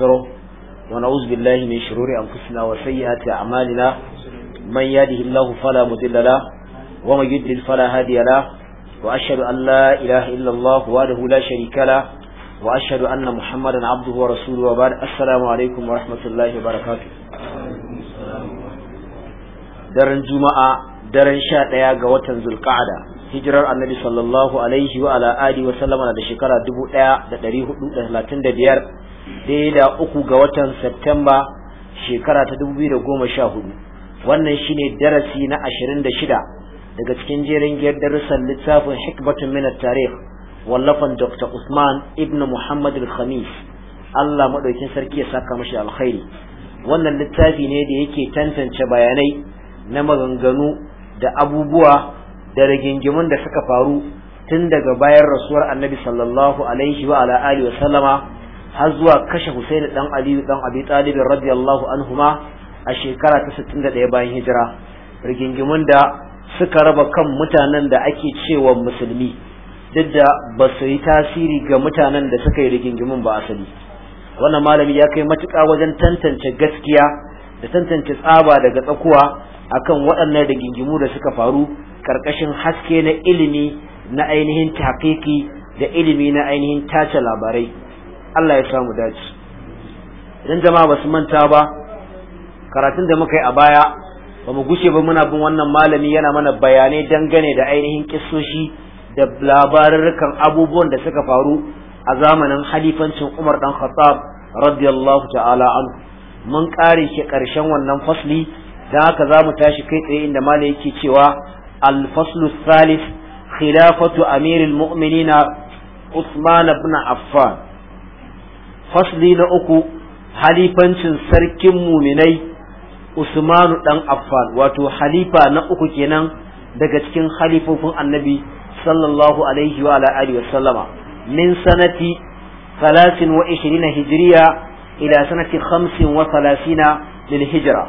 ونستغفره ونعوذ بالله من شرور أنفسنا وسيئات أعمالنا من يهده الله فلا مضل له ومن يضلل فلا هادي له وأشهد أن لا إله إلا الله وحده لا شريك له وأشهد أن محمدا عبده ورسوله وبعد السلام عليكم ورحمة الله وبركاته daren juma'a daren sha ɗaya ga watan zulƙa'ada hijirar annabi sallallahu alaihi wa ala alihi wa sallama da shekara dubu ɗaya da ɗari hudu da talatin da biyar Daya da uku ga watan Septemba shekara ta hudu wannan shine darasi na ashirin da shida daga cikin jerin giyar darussan littafin Hikmatun min tarih wallafan Dr. Usman ibn Muhammad al-Khamis Allah madaukin sarki ya saka mashi alkhairi wannan littafi ne da yake tantance bayanai na maganganu da abubuwa da rigingimun da suka faru tun daga bayan rasuwar annabi sallallahu alaihi wa ala wa sallama har zuwa kashe Hussein dan Ali dan Abi Talib radiyallahu anhuma a shekara ta 61 bayan hijira rigingimun da suka raba kan mutanen da ake cewa musulmi duk da ba su yi tasiri ga mutanen da suka yi rigingimun ba asali wannan malami ya kai matuƙa wajen tantance gaskiya da tantance tsaba daga tsakuwa akan waɗannan rigingimu da suka faru ƙarƙashin haske na ilimi na ainihin taƙiƙi da ilimi na ainihin tace labarai Allah ya samu dace idan jama'a ba su manta ba karatun da muka yi a baya ba mu gushe ba muna bin wannan malami yana mana bayanai dangane da ainihin kisoshi da labarurrukan abubuwan da suka faru a zamanin halifancin Umar dan Khattab radiyallahu ta'ala anhu mun kare shi karshen wannan fasli dan haka za mu tashi kai tsaye inda malami yake cewa al-faslu thalith khilafatu amiril mu'minina usman ibn Affan fasli na uku halifancin sarkin muminai usmanu dan affan wato halifa na uku kenan daga cikin halifofin annabi sallallahu alaihi wa ala alihi wa sallama min sanati 23 hijriya ila sanati 35 lil hijra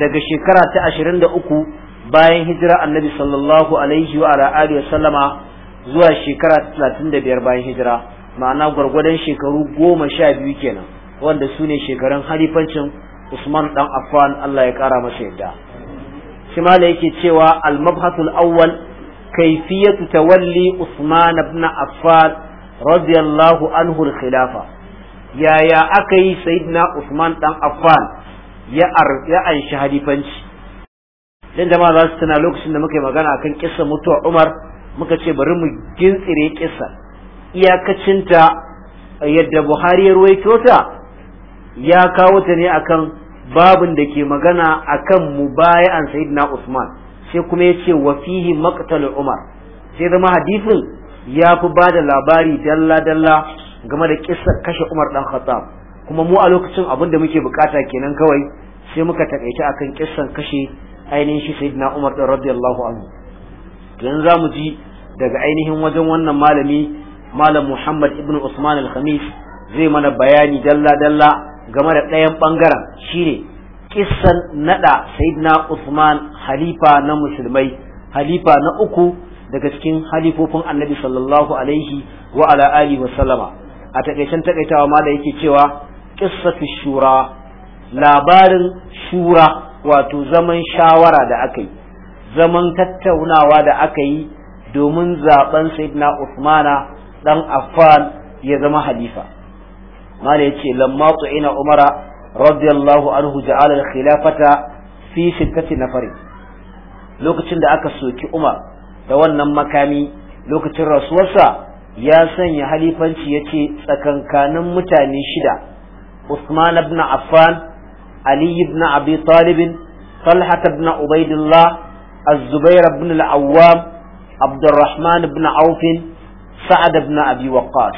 daga shekara ta 23 bayan hijira annabi sallallahu alaihi wa ala alihi wa sallama zuwa shekara 35 bayan hijira ma'ana gwargwadon shekaru goma sha biyu kenan wanda su ne shekarun halifancin usman dan affan allah ya kara masa yadda shi ma yake cewa al-mabhasul awwal kayfiyatu tawalli usman ibn affan radiyallahu anhu al-khilafa yaya aka yi sayyidina usman dan affan ya ya anshi halifanci dan jama'a za su tuna lokacin da muka yi magana akan kissa mutuwa umar muka ce bari mu gintsire kissa iyakacinta yadda buhari ya ruwaito ta ya kawo ta ne akan babin da ke magana akan mubaya'an sayyidina usman sai kuma ya ce wa fihi maqtal umar sai zama hadisin ya fi ba da labari dalla dalla game da kissar kashe umar dan khattab kuma mu a lokacin abin da muke bukata kenan kawai sai muka takaice akan kisan kashe ainihin shi sayyidina umar dan radiyallahu anhu yanzu za mu ji daga ainihin wajen wannan malami malam muhammad ibn usman al-khamis zai mana bayani dalla dalla game da ɗayan ɓangaren shine kissan naɗa sayyidina usman halifa na musulmai halifa na uku daga cikin halifofin annabi sallallahu alaihi wa ala alihi wa sallama a takaicen takaitawa ma da yake cewa qissatu shura labarin shura wato zaman shawara da aka yi zaman tattaunawa da aka yi domin zaben sayyidina usmana dan Affan ya zama halifa mala yace lamma tu'ina Umara radiyallahu anhu ja'ala al-khilafata fi shiddati nafari lokacin da aka soki Umar da wannan makami lokacin rasuwarsa ya sanya halifanci yace tsakankanin mutane shida Usman ibn Affan Ali ibn Abi Talib Talha ibn Ubaidillah Az-Zubair ibn al-Awwam Abdurrahman ibn Auf sa'ad ibn abi waqqas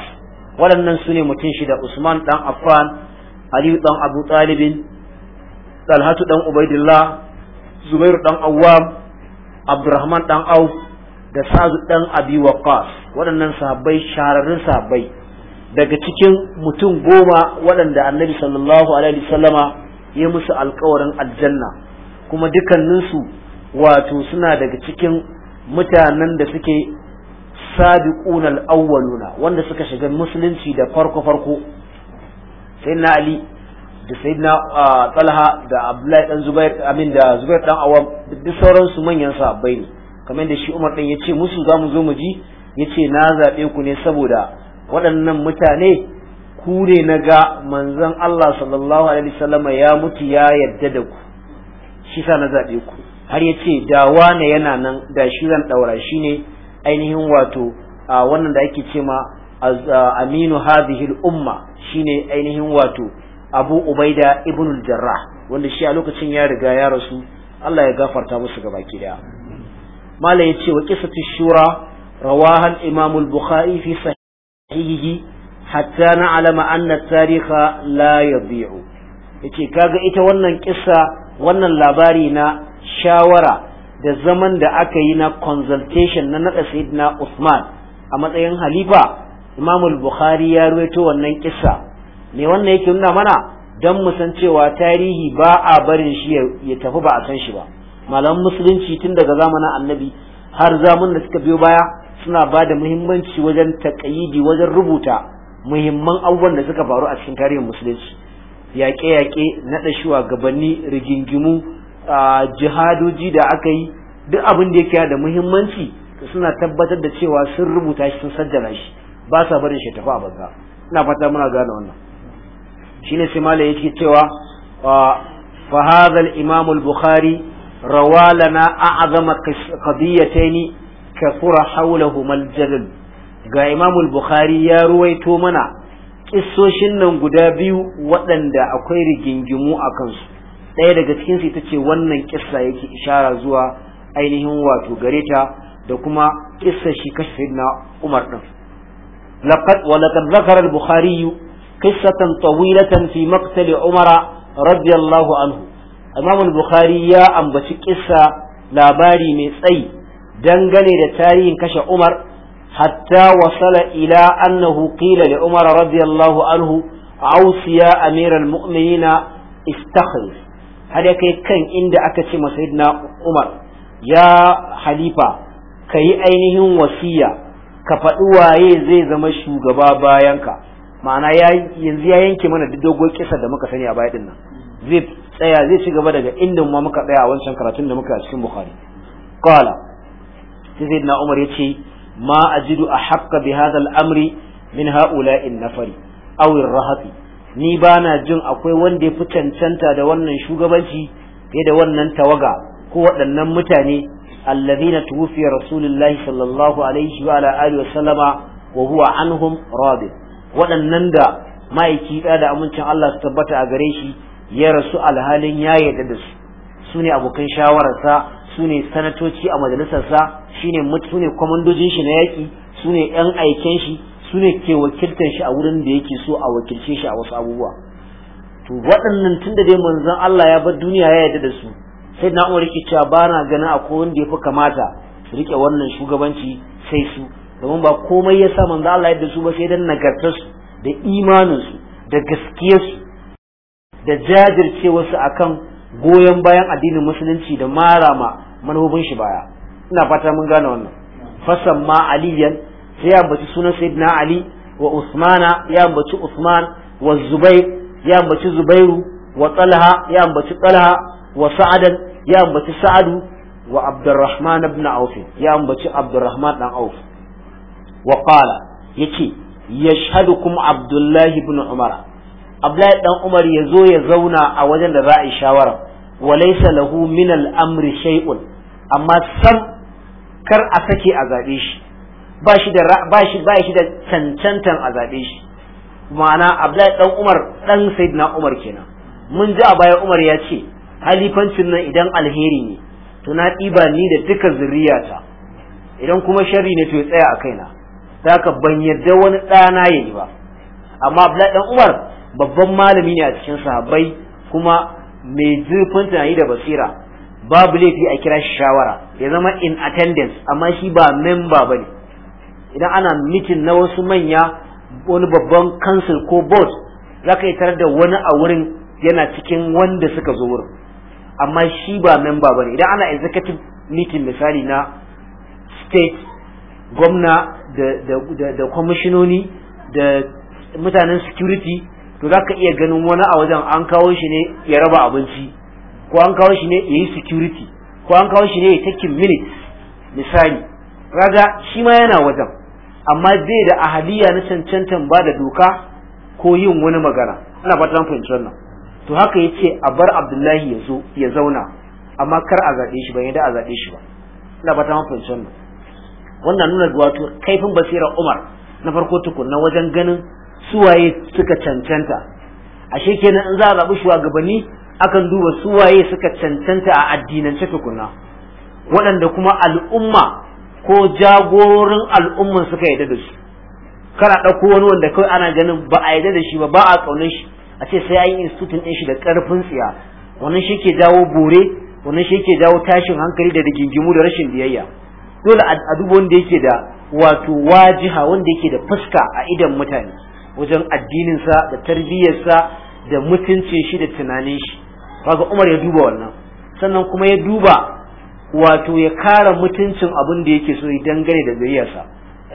waɗannan sune ne mutum shida usman dan affan aliyu dan abu talibin talhatu dan ubaidillah zubairu dan awwam abdurrahman dan da sa'ad ɗan abi waqqas waɗannan sahabbai shahararrun sahabbai daga cikin mutum goma waɗanda annabi sallallahu alaihi wasallama ya musu alkawarin aljanna kuma dukanninsu wato suna daga cikin mutanen da suke as-sabiquna al wanda suka shiga musulunci da farko farko na ali da sayyidina ah, talha da abdullahi dan zubair amin da zubair dan awam duk sauran su manyan sahabbai ne kamar da shi umar din yace musu za mu zo mu ji yace na zabe ku ne saboda waɗannan mutane ku ne na ga manzon Allah sallallahu alaihi wasallam ya mutu ya yadda da ku shi sa na zabe ku har yace da wane yana nan da shi zan daura shi ne ainihin wato wannan da ake ce ma aminu hadhihi umma shine ainihin wato Abu Ubaida ibn jarrah wanda shi a lokacin ya riga ya rasu Allah ya gafarta musu ki daya malam yace wa qissatu shura rawahan imam al-Bukhari fi sahihihi hatta na'lama anna at-tarikha la yadhi'u yace kaga ita wannan kissa wannan labari na shawara da zaman da aka yi na consultation na nada sayyidina Usman a matsayin halifa Imam al-Bukhari ya ruwaito wannan kissa me wannan yake nuna mana dan mu san cewa tarihi ba a barin shi ya tafi ba a san shi ba malaman musulunci tun daga zamanin annabi har zamun da suka biyo baya suna ba da muhimmanci wajen taƙayidi wajen rubuta muhimman abubuwan da suka faru a cikin tarihin musulunci yaƙe-yaƙe naɗa shuwagabanni rigingimu jihadoji da aka yi duk abin da yake da muhimmanci suna tabbatar da cewa sun rubuta shi sun sajjala shi ba sa barin shi tafi a banza ina fata muna gane wannan shine sai malai yake cewa fa hadha al imam al bukhari rawalana a'zam qadiyatayn ka kafura hawlahuma al jalal ga imam al bukhari ya ruwaito mana kissoshin nan guda biyu waɗanda akwai rigingimu a kansu ɗaya daga cikin su ita ce wannan kissa yake ishara zuwa ainihin wato gare ta da kuma kissa shi kashi sayyidina Umar ɗin laqad wa laqad zakara al-Bukhari qissatan tawilatan fi maqtal Umar radiyallahu anhu imamul bukhari ya ambaci kissa labari mai tsayi dangane da tarihin kashe Umar hatta wasala ila annahu qila li Umar radiyallahu anhu أوصي amiral mu'minina استخلف har ya kai kan inda aka ce masa na umar ya halifa ka yi ainihin wasiya ka faɗi waye zai zama shugaba bayanka ma'ana yanzu ya yanke mana duk dogon kisa da muka sani a baya nan zai tsaya zai ci gaba daga inda ma muka tsaya a wancan karatun da muka a cikin bukhari qala sai sayyidina umar ce ma ajidu ahqqa bi hadha al-amri min ha'ula in nafari aw ar-rahati ni ba na jin akwai wanda ya fi cancanta da wannan shugabanci fiye da wannan tawaga ko waɗannan mutane allazina tuwfiya rasulullahi sallallahu alaihi wa alihi wa sallama wa huwa anhum waɗannan da ma'aiki da amincin Allah su tabbata a gare shi ya rasu alhalin ya yarda da su su ne abokan shawararsa su ne sanatoci a majalisarsa shine su ne kwamandojin shi na yaƙi su ne 'yan aiken shi su ne ke wakiltar shi a wurin da yake so a wakilce shi a wasu abubuwa to waɗannan tun da dai manzon Allah ya bar duniya ya yarda da su sai na umar yake cewa ba na ganin akwai wanda ya fi kamata su rike wannan shugabanci sai su domin ba komai ya sa manzon Allah ya yarda su ba sai dan nagartarsu da imaninsu da gaskiyarsu da jajircewarsu akan goyon bayan addinin musulunci da marama manhobin shi baya ina fata mun gane wannan fasamma aliyan sai ya ambaci sunan sayyidina ali wa usmana ya ambaci usman wa zubair ya ambaci zubairu wa talha ya ambaci talha wa sa'adan ya ambaci sa'adu wa abdurrahman ibn auf ya ambaci abdurrahman dan auf wa qala yace yashhadukum abdullahi ibn umara abdullahi dan umar yazo ya zauna a wajen da za a yi shawara wa laysa lahu min al-amri shay'un amma sam kar a sake a zabe shi ba shi da ba shi ba shi da cancantan a zabe shi ma'ana Abdullahi dan Umar dan Sayyidina Umar kenan mun ji a baya Umar ya ce halifancin nan idan alheri ne to na ɗiba ni da duka zuriyata idan kuma sharri ne to ya tsaya a kaina da ka ban yarda wani ɗana ya yi ba amma Abdullahi dan Umar babban malami ne a cikin sahabbai kuma mai zurfin tunani da basira babu laifi a kira shawara ya zama in attendance amma shi ba memba bane idan ana mitin na wasu manya wani babban kansil ko board za ka yi tare da wani a wurin yana cikin wanda suka zo wurin amma shi ba memba ba ne idan ana executive meeting misali na state gwamna da kwamishinoni da mutanen security to za ka iya ganin wani a wajen an kawo shi ne ya raba abinci ko an kawo shi ne ya yi security ko an kawo shi ne ya takin minutes misali raga shi ma yana wajen amma zai da ahaliya na cancantan ba da doka ko yin wani magana ana fata an fahimci wannan to haka yace a bar Abdullahi ya zo ya zauna amma kar a zaɓe shi ba yadda a zaɓe shi ba ina fata an fahimci wannan wannan nuna wato kaifin basirar Umar na farko tukunna wajen ganin suwaye suka cancanta ashe kenan in za a zaɓi shugabanni akan duba suwaye suka cancanta a addinance tukunna waɗanda kuma al'umma ko jagororin al'umman suka yarda da su kana ɗauko wani wanda kawai ana ganin ba a yarda da shi ba ba a ƙaunar shi a ce sai an yi institutin ɗin shi da ƙarfin tsiya wani shi ke jawo bore wani shi ke jawo tashin hankali da rigingimu da rashin biyayya dole a duba wanda yake da wato wajiha wanda yake da fuska a idan mutane wajen addininsa da tarbiyyarsa da mutuncin shi da tunanin shi kaga Umar ya duba wannan sannan kuma ya duba wato ya kara mutuncin abin da yake so dangane da zuriyarsa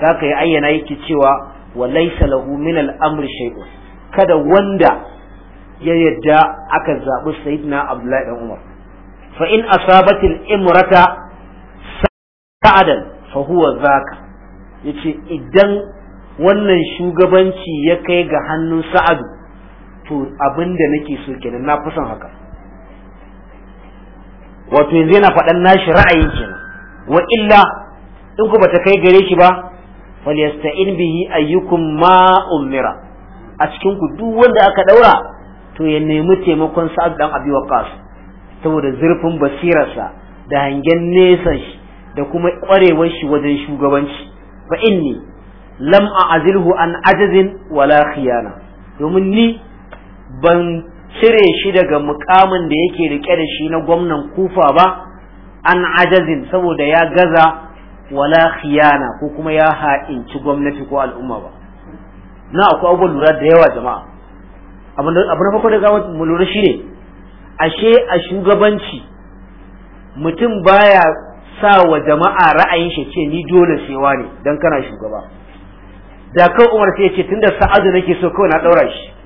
za ka yi ayyana yake cewa wa laisa lahu min al'amri shay'un kada wanda ya yadda aka zaɓi sayyidina abdullahi dan umar fa in asabatil imrata sa'adan fa huwa zaka yace idan wannan shugabanci ya kai ga hannun sa'adu to abinda nake so kenan na fi haka wato yanzu yana faɗan nashi ra'ayin kenan wa illa in ku bata kai gare shi ba falyasta'in bihi ayyukum ma umira a cikin ku duk wanda aka daura to ya nemi taimakon sa'ad dan abi waqas saboda zurfin basirarsa da hangen nesan shi da kuma kwarewar shi wajen shugabanci fa inni lam a'azilhu an ajazin wala khiyana domin ni ban cire shi daga mukamin da yake rike da shi na gwamnan kufa ba an ajazin saboda ya gaza wala khiyana ko kuma ya ha'inci gwamnati ko al'umma ba na akwai abubuwan lura da yawa jama'a abu na farko da gawa mu lura shi ne ashe a shugabanci mutum baya sa wa jama'a ra'ayin shi ce ni dole sewa ne dan kana shugaba da kan umar sai ya ce tunda sa'adu nake so kawai na daura shi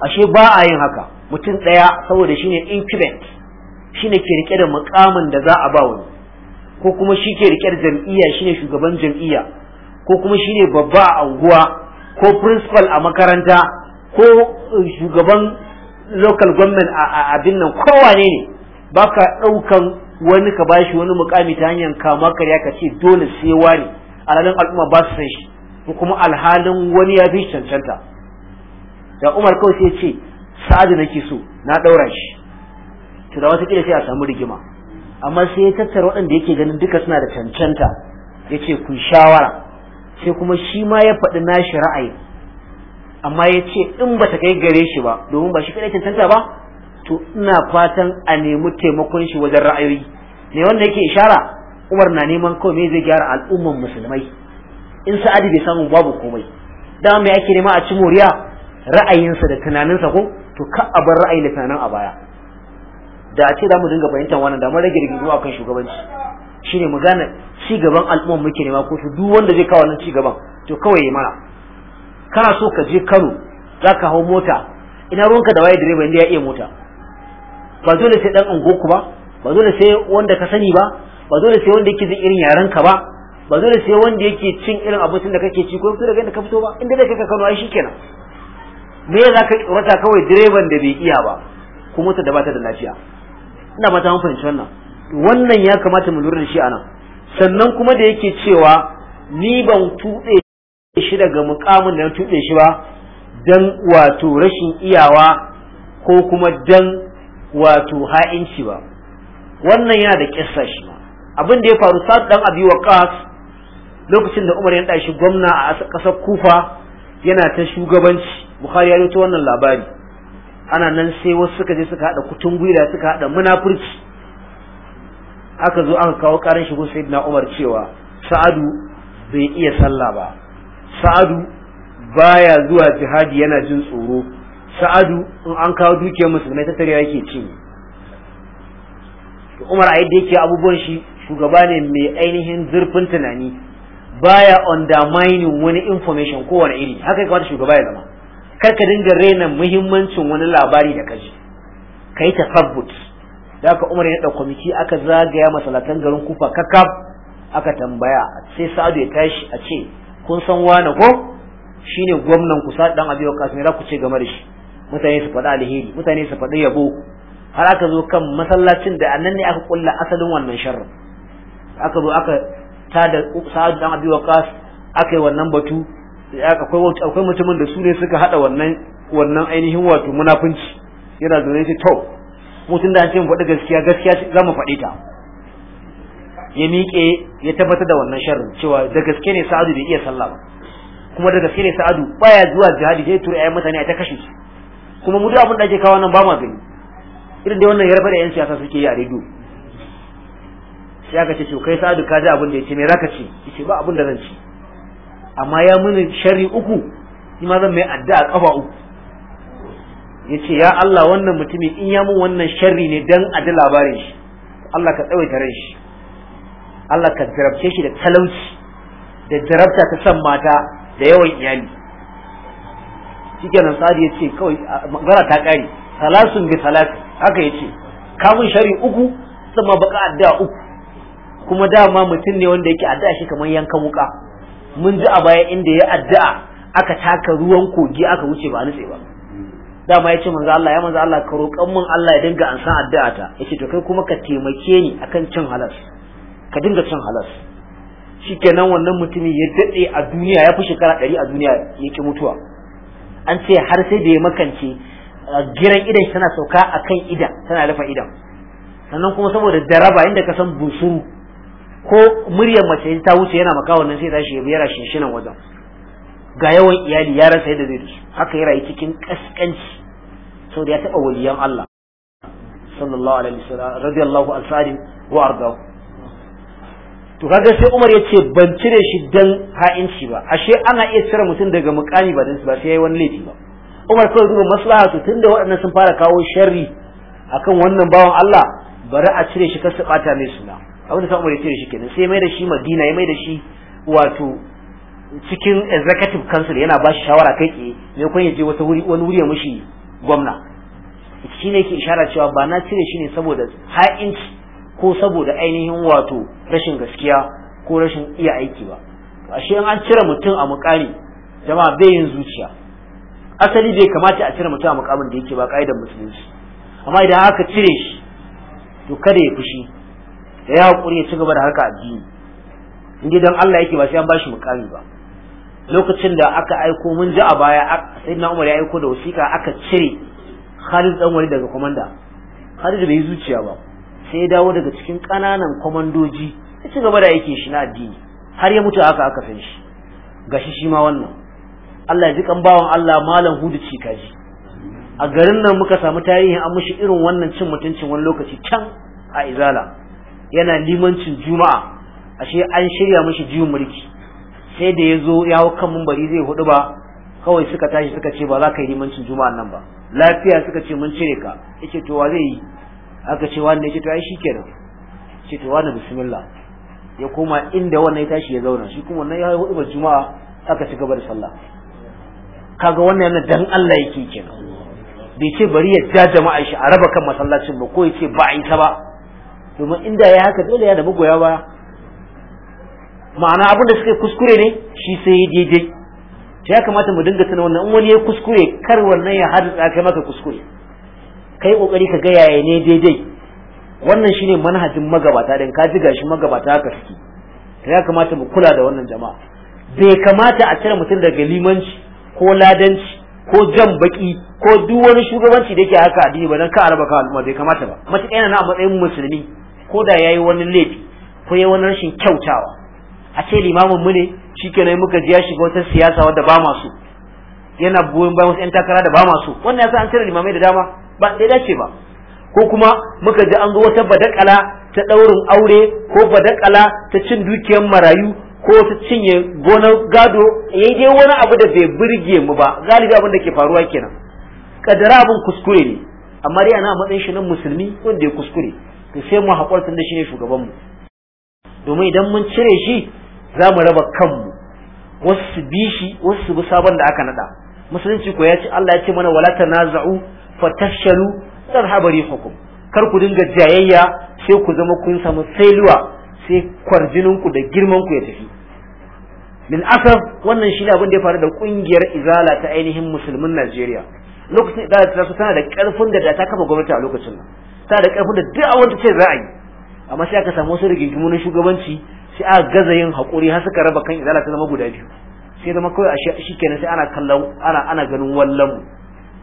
ashe ba a yin haka mutum ɗaya saboda shine incumbent shine ke rike da mukamin da za a ba wani ko kuma shi ke rike da jam'iyya shine shugaban jam'iyya ko kuma shine babba a unguwa, ko principal a makaranta ko uh, shugaban local government a abin nan kowane ne baka ɗaukan wani ka bashi wani mukami ta hanyar kama karya ka ce dole sai wani alhalin al'umma ba su san shi ko kuma alhalin wani ya fi cancanta da Umar kawai sai ya ce Sa'ad nake so na ɗaura shi to da wata sai a samu rigima amma sai ya tattara waɗanda yake ganin duka suna da cancanta ya ce ku shawara sai kuma shi ma ya faɗi nashi ra'ayi amma ya ce in ba ta kai gare shi ba domin ba shi kaɗai cancanta ba to ina fatan a nemi taimakon shi wajen ra'ayoyi ne wanda yake ishara umar na neman kawai me zai gyara al'umman musulmai in Sa'adu bai samu babu komai da me ake nema a ci moriya ra'ayinsa da tunaninsa ko to ka a bar ra'ayi da tunanin a baya da a ce za mu dinga fahimtar wannan da mun rage zuwa kan shugabanci shine mu gane ci gaban al'umma muke nema ko to duk wanda zai kawo wannan ci gaban to kawai ya mana kana so ka je Kano za ka hau mota ina ruwanka da waye direba inda ya iya mota ba dole sai dan unguwarku ba ba dole sai wanda ka sani ba ba dole sai wanda yake zai irin yarenka ba ba dole sai wanda yake cin irin abincin da kake ci ko daga inda ka fito ba inda zai kai ka Kano ai shikenan me za ka tsorata kawai direban da bai iya ba ko mota da bata da lafiya ina ba ta mun fahimci wannan wannan ya kamata mu lura da shi anan sannan kuma da yake cewa ni ban tuɗe shi daga mukamin da na tuɗe shi ba dan wato rashin iyawa ko kuma dan wato ha'inci ba wannan yana da kissa shi ma abin da ya faru sa dan abi waqas lokacin da Umar ya dashi gwamna a ƙasar Kufa yana ta shugabanci bukhari ya ta wannan labari ana nan sai wasu suka je suka hada kutun gwiwa suka hada munafurci aka zo aka kawo karin shigo sayyidina umar cewa sa'adu bai iya sallah ba sa'adu baya zuwa jihadi yana jin tsoro sa'adu in an kawo dukiyar musulmai ta tare yake ci umar a yadda yake abubuwan shi shugaba ne mai ainihin zurfin tunani baya undermining wani information ko wani iri haka ya kamata shugaba ya zama kar ka dinga rena muhimmancin wani labari da kaji ka yi tafabbut da aka umar ya ɗauka kwamiti aka zagaya masalatan garin kufa kakkab aka tambaya sai sa'adu ya tashi a ce kun san wane ko shine gwamnan ku sa'ad dan abiyo kasmi ra za ku ce game da shi mutane su faɗi alheri mutane su faɗi yabo har aka zo kan masallacin da annan ne aka kulla asalin wannan sharrin aka zo aka ta da sa'ad dan abi waqas akai wannan batu akwai akwai mutumin da su ne suka hada wannan wannan ainihin wato munafunci yana zaune shi to mutun da an ce mu faɗi gaskiya gaskiya za mu faɗi ta ya miƙe ya tabbatar da wannan sharrin cewa da gaske ne sa'adu bai iya sallah ba kuma da gaske ne sa'adu baya zuwa jihadi sai tura ayi mutane a ta kashe su kuma mu duk abin da ake kawo nan ba ma gani irin da wannan yarfa da yan siyasa suke yi a rediyo sai aka ce to kai sa'adu ka ji abin da yake me zaka ce yace ba abin da zan ci amma ya mini shari uku shi ma zan mai addu'a kafa uku yace ya Allah wannan mutumi in ya mun wannan sharri ne dan a ji labarin shi Allah ka tsawaita ran shi Allah ka jarabce shi da talauci da jarabta ta san mata da yawan iyali shikenan sa'adu yace kawai magana ta kare salasun bi salati haka yace kamun shari uku sama baka addu'a uku kuma dama mutum ne wanda yake addu'a shi kamar yankan wuka mun ji a baya inda ya addu'a aka taka ruwan kogi aka wuce ba nutse ba dama ya ce manzo Allah ya manzo Allah ka roƙan mun Allah ya dinga an addu'a ta yace to kai kuma ka taimake ni akan cin halas ka dinga cin halas shikenan wannan mutumin ya dade a duniya ya fi shekara ɗari a duniya ya ki mutuwa an ce har sai da ya makance giran idan tana sauka akan idan tana rufe idan sannan kuma saboda daraba inda ka san busuru ko muryar mace ta wuce yana makawa nan sai tashi ya biyara shinshinan wajen ga yawan iyali ya rasa yadda zai dusu haka ya rayu cikin kaskanci saboda ya taɓa waliyan Allah sallallahu alaihi wasallam radiyallahu an wa ardahu to kaga sai Umar ya ce ban cire shi dan ha'inci ba ashe ana iya cire mutum daga mukami ba dan ba sai yayi wani laifi ba Umar kawai duba maslaha tun da waɗannan sun fara kawo sharri akan wannan bawan Allah bari a cire shi kasu su bata mai suna abin da sa umar ya ce da shi kenan sai mai da shi madina ya mai da shi wato cikin executive council yana ba shi shawara kai ke ne kun ya je wata wuri wani wuri ya mushi gwamna shi ne ke ishara cewa ba na cire shi ne saboda ha'inci ko saboda ainihin wato rashin gaskiya ko rashin iya aiki ba ashe in an cire mutum a mukari jama'a bai yin zuciya asali bai kamata a cire mutum a mukamin da yake ba ka'idar musulunci amma idan aka cire shi to kada ya fushi da ya hakuri haƙuri ya ci gaba da harka addini inda dan Allah yake ba shi an ba shi mukami ba lokacin da aka aiko mun ji a baya sai na umar ya aiko da wasiƙa aka cire Khalid dan wani daga komanda Khalid bai zuciya ba sai ya dawo daga cikin ƙananan komandoji ya ci gaba da yake shi na addini har ya mutu haka aka san shi gashi shi ma wannan Allah ya ji kan bawan Allah malam hudu ci kaji a garin nan muka samu tarihin an mushi irin wannan cin mutuncin wani lokaci can a izala yana limancin juma'a ashe an shirya mishi juyin mulki sai da ya zo ya hau kan mumbari zai hudu ba kawai suka tashi suka ce ba za ka yi limancin juma'an nan ba lafiya suka ce mun cire ka yake to wa zai yi aka ce wanda yake to ai shikenan ce to wani bismillah ya koma inda wannan ya tashi ya zauna shi kuma wannan ya hudu ba juma'a aka ci gaba da sallah kaga wannan yana dan Allah yake kenan bai ce bari ya ja jama'a shi a raba kan masallacin ba ko ya ce ba a yi ta ba domin inda ya haka dole ya da magoya ba. ma'ana abin da suka kuskure ne shi sai ya daidai to ya kamata mu dinga tana wannan in wani ya kuskure kar wannan ya da kai maka kuskure kai kokari ka ga yaya ne daidai wannan shine manhajin magabata din ka ji gashi magabata haka suke to ya kamata mu kula da wannan jama'a bai kamata a cire mutum daga limanci ko ladanci ko jan baki ko duk wani shugabanci da yake haka addini ba dan ka araba ka al'umma bai kamata ba matuƙa na a matsayin musulmi ko da ya yi wani laifi ko yayi wani rashin kyautawa a ce limamin mu ne shikenan muka ji ya shiga wata siyasa wadda ba ma yana goyon bayan wasu 'yan takara da ba ma Wannan wannan yasa an cire limamai da dama ba ɗaya dace ba ko kuma muka ji an zo wata badakala ta ɗaurin aure ko badakala ta cin dukiyar marayu ko ta cinye gonar gado yayi dai wani abu da bai burge mu ba galibi abin da ke faruwa kenan kadara abin kuskure ne amma dai ana matsayin shi nan musulmi wanda ya kuskure to sai mu haƙura tun da shi ne shugabanmu domin idan mun cire shi za mu raba kanmu wasu su bi shi wasu su bi sabon da aka naɗa musulunci ko ya ce Allah ya ce mana wala tanaza'u zan tadhhabu hukum. kar ku dinga jayayya sai ku zama kun samu sailuwa sai kwarjinin ku da girman ku ya tafi min asaf wannan shi ne abin da ya faru da kungiyar izala ta ainihin musulmin Najeriya lokacin da ta tana da karfin da ta kafa gwamnati a lokacin nan ta da ƙarfin da duk abin ce za a yi amma sai aka samu wasu rigingimu na shugabanci sai a gaza yin haƙuri har suka raba kan izala ta zama guda biyu sai zama kawai a shi kenan sai ana kallon ana ana ganin wallan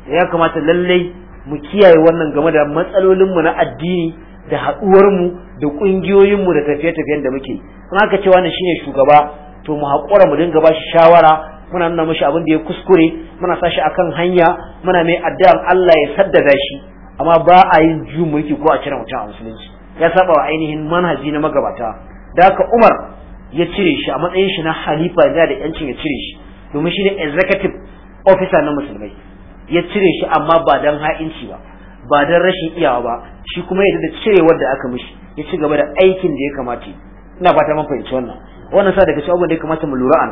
ya kamata lallai mu kiyaye wannan game da matsalolinmu na addini da haɗuwarmu da ƙungiyoyinmu da tafiye-tafiyen da muke kuma aka ce wannan shine shugaba to mu haƙura mu dinga ba shawara muna nuna mashi abin da ya kuskure muna sa shi akan hanya muna mai addu'ar Allah ya saddada shi amma ba a yin juyin mulki ko a cire mutum a musulunci ya saba wa ainihin manhaji na magabata da haka umar ya cire shi a matsayin shi na halifa ya da yancin ya cire shi domin shi ne executive officer na musulmai ya cire shi amma ba don ha'inci ba ba don rashin iyawa ba shi kuma ya da cire da aka mishi ya ci gaba da aikin da ya kamata ina fata man fahimci wannan wannan sa daga cikin da ya kamata mu lura an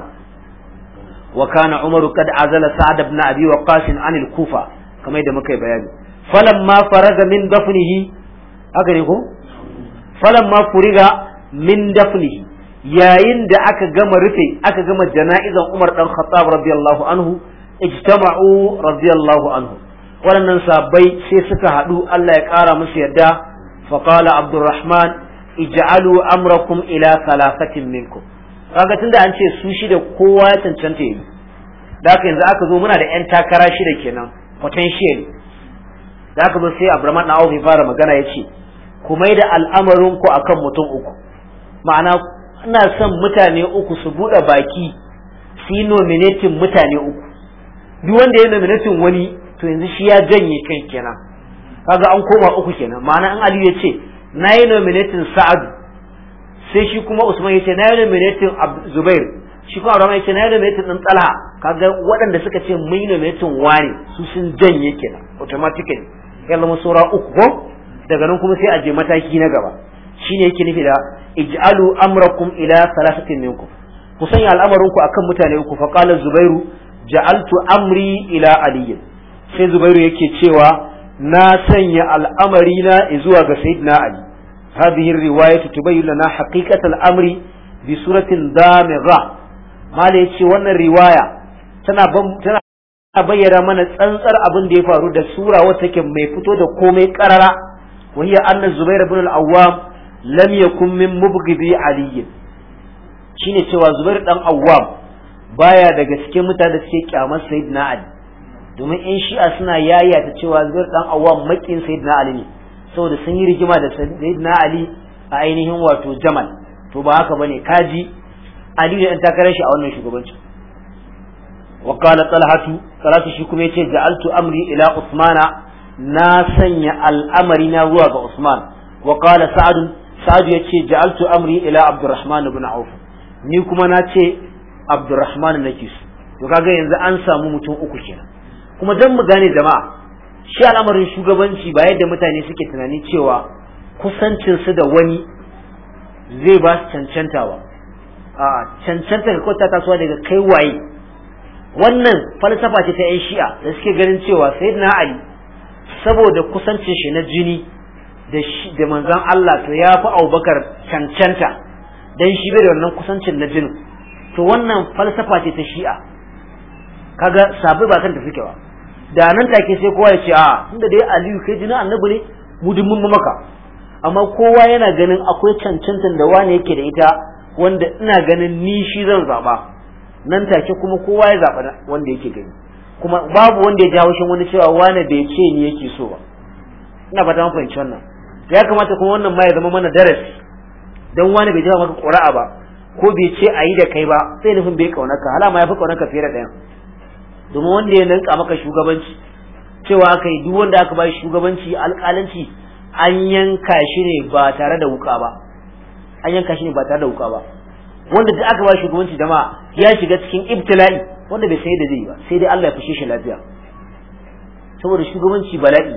wa kana umaru kad azala sa'ad ibn abi waqas an al-kufa kamar yadda muka yi bayani ma faraga min dafnihi aka ko ko ma furiga min dafnihi yayin da aka gama rufe aka gama jana'izan Umar dan Khattab radiyallahu anhu ijtama'u radiyallahu anhu waɗannan sabai sai suka haɗu Allah ya ƙara musu yadda faqala Abdurrahman ij'alu amrakum ila thalathatin minkum kaga tunda an ce su shida kowa ya cancanta yi da haka yanzu aka zo muna da yan takara shida kenan potential da haka sai Abdurrahman na Auf ya fara magana ce, ku mai da al'amarin ku akan mutum uku ma'ana ina son mutane uku su bude baki su yi nominatin mutane uku duk wanda ya nominatin wani to yanzu shi ya janye kan kenan kaga an koma uku kenan ma'ana an Aliyu ya ce na yi nominatin Sa'adu sai shi kuma Usman ya ce na yi nominatin Zubair shi kuma Abraham ya ce na yi nominatin ɗin tsala kaga waɗanda suka ce mun yi nominating wani su sun janye kenan automatically ya zama sura uku ko daga nan kuma sai a je mataki na gaba shine yake nufi da ij'alu amrakum ila salasatin minkum ku sanya al'amarin ku akan mutane uku fa qala zubairu ja'altu amri ila aliyin sai zubairu yake cewa na sanya al'amari na zuwa ga sayyidina ali hadhihi riwayatu tubayyin lana haqiqatal amri bi suratin damigha mala yace wannan riwaya tana tana a bayyana mana tsantsar abin da ya faru da sura wata ke mai fito da komai karara wa hiya anna zubair ibn al-awwam lam yakun min mubghidi ali shine cewa zubair dan awwam baya daga cikin mutane da suke kyamar sayyidina ali domin in shi'a suna yaya ta cewa zubair dan awwam makin sayyidina ali ne saboda sun yi rigima da sayyidina ali a ainihin wato jamal to ba haka bane kaji ali da an takarar shi a wannan shugabancin wa qala talhatu talhatu shi kuma yace ja'altu amri ila usmana na sanya al'amari na zuwa ga usman wa qala sa'ad sa'ad yace ja'altu amri ila abdurrahman ibn auf ni kuma na ce abdurrahman nake su to kaga yanzu an samu mutum uku kenan kuma dan mu gane jama'a shi al'amarin shugabanci ba yadda mutane suke tunani cewa kusancin su da wani zai ba su cancanta ba a cancanta ka kwata tasowa daga kai waye wannan falsafa ce ta 'yan shi'a da suke ganin cewa sayyidina ali saboda kusancin shi na jini da shi manzon Allah to ya fi Abubakar cancanta dan shi bai da wannan kusancin na jini to wannan falsafa ce ta shi'a kaga sabu ba kan da suke ba da nan take sai kowa ya ce a tunda dai Aliyu kai jinin annabi ne mu dun mun maka amma kowa yana ganin akwai cancantan da wani yake da ita wanda ina ganin ni shi zan zaba nan take kuma kowa ya zaɓa wanda yake gani kuma babu wanda ya ji haushin wani cewa wane bai ce ni yake so ba ina fata ta fahimci wannan ya kamata kuma wannan ma ya zama mana darasi dan wani bai jawo maka ƙura'a ba ko bai ce a yi da kai ba sai nufin bai ka hala ma ya fi kaunaka fiye da ɗayan domin wanda ya nanka maka shugabanci cewa kai duk wanda aka ba shugabanci alƙalanci an yanka shi ne ba tare da wuka ba an yanka shi ne ba tare da wuka ba wanda duk aka ba shugabanci jama'a ya shiga cikin ibtila'i wanda bai sayar da zai ba sai dai Allah ya fushe shi lafiya saboda shugabanci bala'i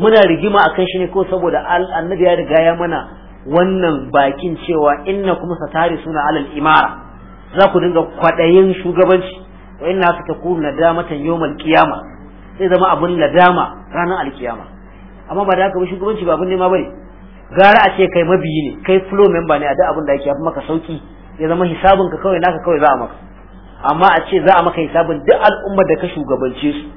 muna rigima akan shi ne ko saboda annabi ya riga ya mana wannan bakin cewa inna kuma satari suna alal imara za ku dinga kwaɗayin shugabanci wa inna haka ta kuna nadamatan yawmal qiyama zai zama abin ladama ranar alkiyama amma ba da haka ba shugabanci ba abin ma bane gara a ce kai mabiyi ne kai flow member ne a duk abin da yake yafi maka sauki ya zama hisabin ka kawai naka kawai za a maka amma a ce za a maka hisabin duk al'ummar da ka shugabance su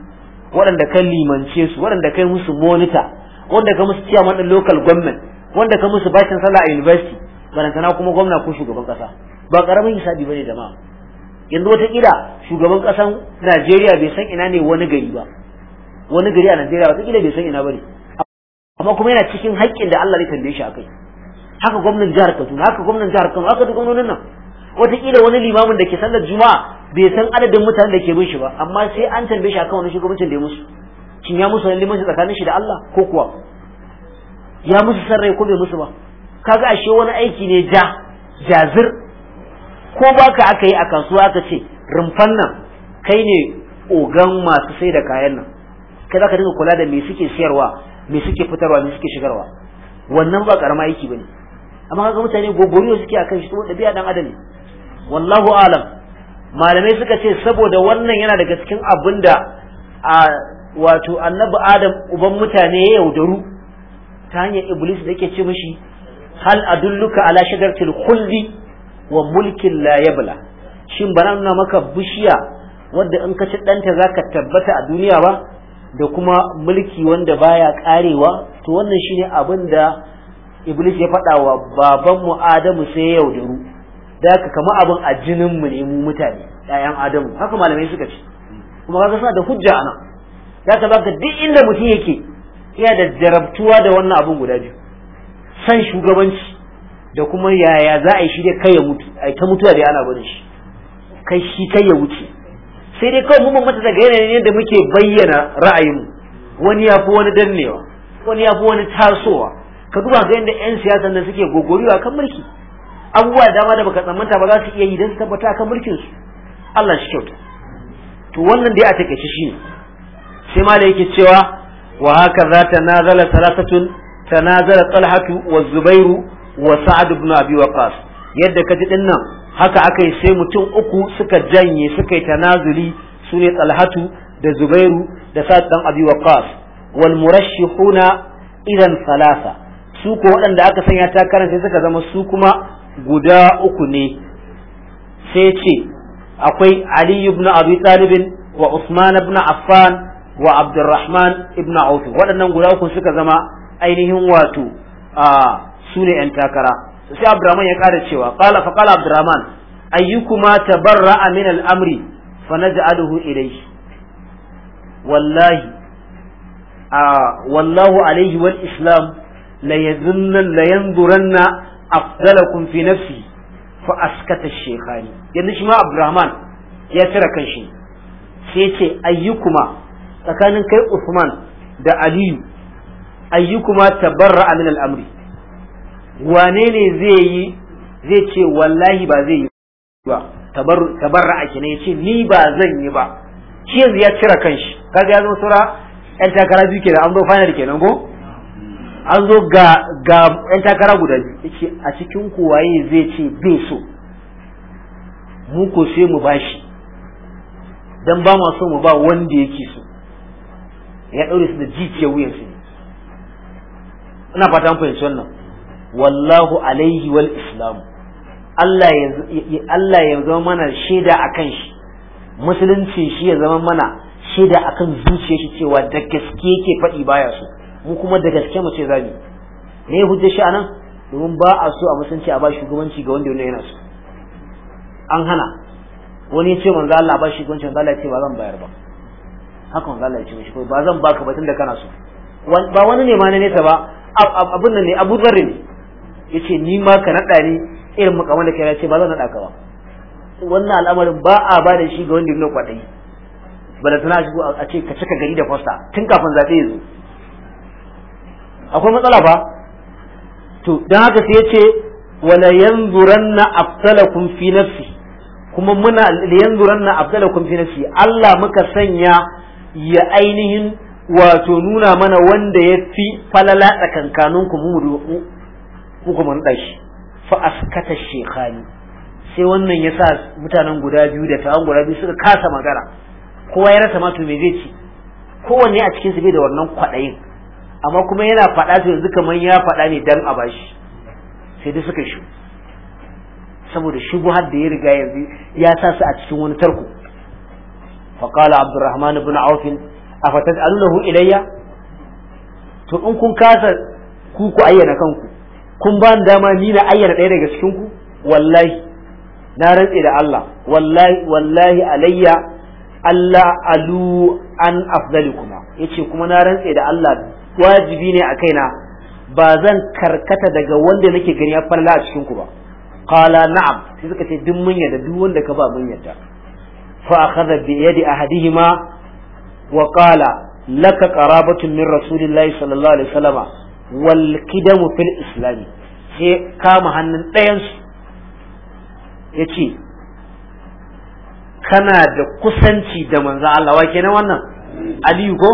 waɗanda ka limance su waɗanda kai musu monita wanda ka musu cewa ɗin local government wanda ka musu bakin sallah a university barantana kuma gwamna ko shugaban ƙasa ba ƙaramin hisabi bane ma. yanzu wata wataƙila shugaban ƙasan Najeriya bai san ina ne wani gari ba wani gari a Najeriya wata wataƙila bai san ina bane amma kuma yana cikin haƙƙin da Allah zai tambaye shi akai haka gwamnan jihar Kaduna haka gwamnan jihar Kano haka duk gwamnonin nan wataƙila wani limamin da ke sallar juma'a bai san adadin mutanen da ke bin shi ba amma sai an tambaye shi akan wani shugabancin da ya musu shin ya musu limanci tsakanin shi da Allah ko kuwa ya musu sarrai ko bai musu ba kaga ashe wani aiki ne ja jazir ko baka aka yi a kasuwa aka ce rumfan nan kai ne ogan masu sai da kayan nan kai ka dinga kula da me suke siyarwa me suke fitarwa me suke shigarwa wannan ba karama aiki bane amma kaga mutane gogoriyo suke akan shi saboda biya dan adam wallahu alam malamai suka ce saboda wannan yana daga cikin abin da a wato annabi adam uban mutane ya yaudaru ta hanyar iblis da yake ce mishi hal adulluka ala shajaratil khuldi wa mulkin la yabla shin bana nuna maka bishiya wadda in ka ci danta zaka tabbata a duniya ba da kuma mulki wanda baya karewa to wannan shine abin da iblis ya faɗa wa babanmu adamu sai ya yaudaru da haka kama abin a jininmu ne mu mutane ɗayan adamu haka malamai suka ce kuma kaga suna da hujja ana da haka duk inda mutum yake yana da jarabtuwa da wannan abin guda biyu san shugabanci da kuma yaya za a yi shi dai kai ya mutu a ta mutuwa dai ana barin shi kai shi kai ya wuce sai dai kawai mun mata daga yanayin da muke bayyana ra'ayinmu wani ya fi wani dannewa wani ya fi wani tasowa ka duba ga yadda yan siyasa nan suke gogoriwa kan mulki abubuwa dama da baka tsammanta ba za su iya yi don su tabbata kan mulkin su Allah shi kyauta to wannan dai a takaice shine sai ma da yake cewa wa haka za ta nazala salatatun ta nazala talhatu wa zubairu wa sa'ad ibn abi waqas yadda ka ji dinnan haka aka yi sai mutum uku suka janye suka yi tanazuli su ne talhatu da zubairu da sa'ad ibn abi waqas wal murashihuna idan salasa su ko waɗanda aka sanya takara sai suka zama su kuma guda uku ne sai ce akwai Ali ibn Abi Talib wa Usman ibn Affan wa Abdurrahman ibn Auf waɗannan guda uku suka zama ainihin wato a su ne yan takara sai Abdurrahman ya ƙara cewa qala fa qala Abdurrahman ayyukuma tabarra'a min al-amri fa naj'aluhu ilayhi wallahi a wallahu alayhi wal islam la yazunnan la yanzuranna afdalakum fi nafsi fa askata shekhani yanzu shi ma abdurrahman ya cire kanshi sai ce ayyukuma tsakanin kai usman da aliyu ayyukuma tabarra min al'amri wane ne zai yi zai ce wallahi ba zai yi ba tabarra a kina ya ce ni ba zan yi ba shi yanzu ya cire kanshi kaga ya zama saura yan takara biyu kenan an zo final kenan ko an zo ga ga yan takara guda biyu a cikin ku waye zai ce bai so mu ko sai mu bashi dan ba mu so mu ba wanda yake so ya daure su da jijiyar wuyan su ina fata an fahimci wannan wallahu alaihi wal islam Allah ya zama mana shaida akan shi musulunci shi ya zama mana shaida akan zuciyar shi cewa da gaske yake faɗi baya so mu kuma da gaske mu ce mu me hujja shi anan domin ba a so a musanci a ba shugabanci ga wanda yana so an hana wani ya ce manzo Allah ba shugabanci manzo Allah ya ce ba zan bayar ba haka manzo Allah ya ce mishi ko ba zan baka ba tunda kana so ba wani ne ma na nesa ba abun nan ne Abu Dharr ne yace ni ma ka nada ni irin mukamman da kai ya ce ba zan nada ka ba wannan al'amarin ba a ba da shi ga wanda yana tana shigo a ce ka cika gari da fosta tun kafin zafi ya zo akwai matsala ba to don haka sai yace wala yanzuranna afsalakum fi nafsi kuma muna yanzuranna afsalakum fi nafsi Allah muka sanya ya ainihin wato nuna mana wanda ya fi falala tsakankaninku mu muku mun dashi fa askata shekhani sai wannan ya sa mutanen guda biyu da tawan guda biyu suka kasa magana kowa ya rasa ma to me zai ci kowanne a cikin su bai da wannan kwaɗayin amma kuma yana faɗa to yanzu kamar ya faɗa ne dan a bashi sai dai suka shi saboda shubuhar da ya riga yanzu ya sa su a cikin wani tarko فقال عبد الرحمن بن عوف أفتجعلونه إلي to in kun kasa ku ku ayyana kanku kun ba dama ni na ayyana ɗaya daga cikin ku wallahi na rantse da Allah wallahi wallahi alayya Allah alu an afdalikuma yace kuma na rantse da Allah wajibi ne a kaina ba zan karkata daga wanda nake gani ya falla a cikin ku ba qala na'am sai suka ce duk mun yarda duk wanda ka ba mun yarda fa akhadha bi yadi ahadihima wa qala laka qarabatun min rasulillahi sallallahu alaihi wasallama wal kidamu fil islam sai kama hannun dayan su yace kana da kusanci da manzo Allah wa kenan wannan aliyu ko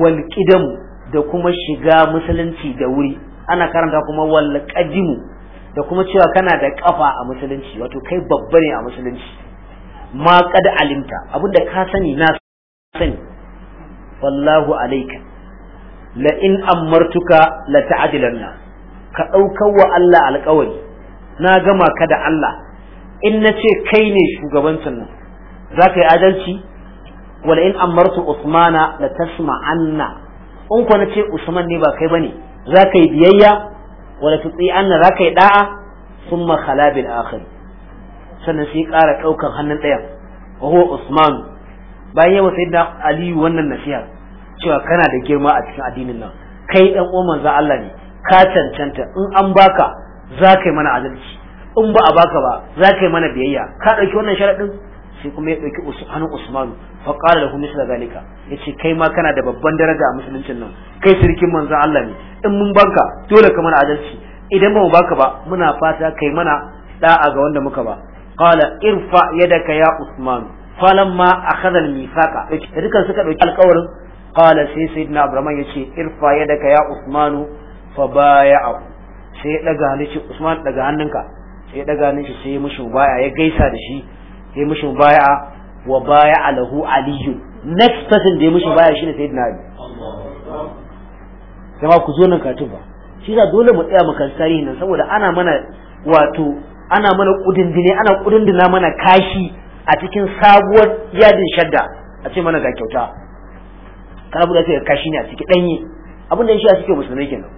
wal kidamu da kuma shiga musulunci da wuri ana karanta kuma wal kadimu da kuma cewa kana da kafa a musulunci wato kai babba ne a musulunci ma qad alimta abinda ka sani na sani wallahu alayka la in amartuka la ta'dilanna ka daukar wa Allah alkawari na gama ka da Allah in nace kai ne shugabancin nan zaka yi adalci wala in amartu usmana la tasma'anna in na ce usman ne ba kai bane za ka yi biyayya wala tsi anna za ka yi da'a sun makhala bil akhir sannan sai kara ɗaukan hannun ɗayan wa huwa usman bayan yawa sai da aliyu wannan nasiha cewa kana da girma a cikin addinin nan kai ɗan uwan manzo Allah ne ka cancanta in an baka za ka yi mana adalci in ba a baka ba za ka yi mana biyayya ka ɗauki wannan sharaɗin sai kuma ya dauki hannun Usman fa qala lahu misla zalika yace kai ma kana da babban daraja a musuluncin nan kai sirkin manzon Allah ne in mun banka dole ka mana adalci idan ba mu baka ba muna fata kai mana da'a ga wanda muka ba qala irfa yadaka ya Usman falamma akhadha al-mithaqa dukan suka dauki alƙawarin qala sai sayyidina Abraman yace irfa yadaka ya Usmanu fa baya'ahu sai ya daga hannun Usman daga hannunka sai ya daga hannun shi sai ya mushi baya ya gaisa da shi sai mishi baya wa baya alahu aliyu next person da ya mishi baya shine sayyidina ali jama'a ku zo nan katun ba shi za dole mu tsaya mu kan tarihi nan saboda ana mana wato ana mana kudindine ana kudindina mana kashi a cikin sabuwar yadin shadda a ce mana ga kyauta kana buga sai kashi ne a cikin danyi abin da shi a cikin musulmai kenan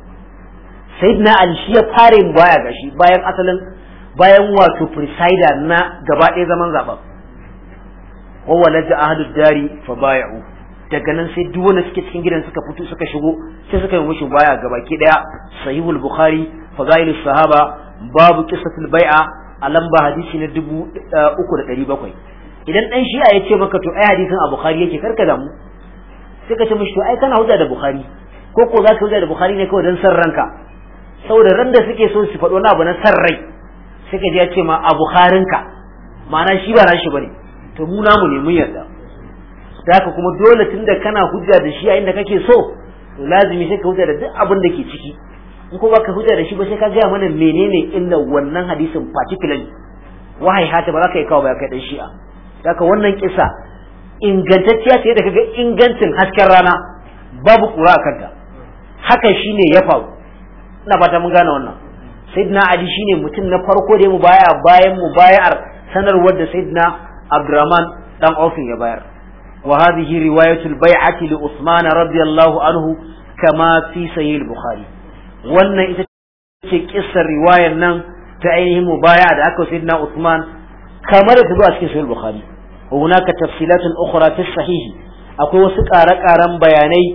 sayyidina ali shi ya fara yin baya gashi bayan asalin bayan wato presider na gaba ɗaya zaman zaben wawa da ahadud dari fa baya'u daga nan sai duk wanda suke cikin gidan suka fito suka shigo sai suka yi mushi baya gaba ki daya sahihul bukhari fadailus sahaba babu qisatul bai'a a lamba hadisi na 3700 eh, idan dan shi'a ya ce maka to ai hadisin a bukhari yake karka damu sai ka ce mushi to ai kana hujja da bukhari ko ko za ka hujja da bukhari ne kawai dan san ranka saboda ran da suke so su faɗo na abu na san rai sai ka je ya ce ma a bukharinka ma'ana shi ba nashi bane to mu ne mun yarda haka kuma dole tunda kana hujja da shi a inda kake so to lazimi sai ka hujja da duk abin da ke ciki in ko baka hujja da shi ba sai ka gaya mana menene illa wannan hadisin particularly wahai hata ba za ka yi kawo ba kai dan shi'a haka wannan kisa ingantacciya ce da kaga ingancin hasken rana babu kura a kanta haka shine ya faru ina fata mun gane wannan sayyidina ali shine mutum na farko da mu baya bayan mu bayar sanarwar da sayyidina abdurrahman dan aufin ya bayar wa hadhihi riwayatul bai'ati li usman radiyallahu anhu kama fi sahih bukhari wannan ita ce kissar riwayar nan ta ainihin mubaya da aka sayyidina usman kamar da zuwa cikin sahih bukhari wa hunaka tafsilatun ukhra fi sahih akwai wasu kare-karen bayanai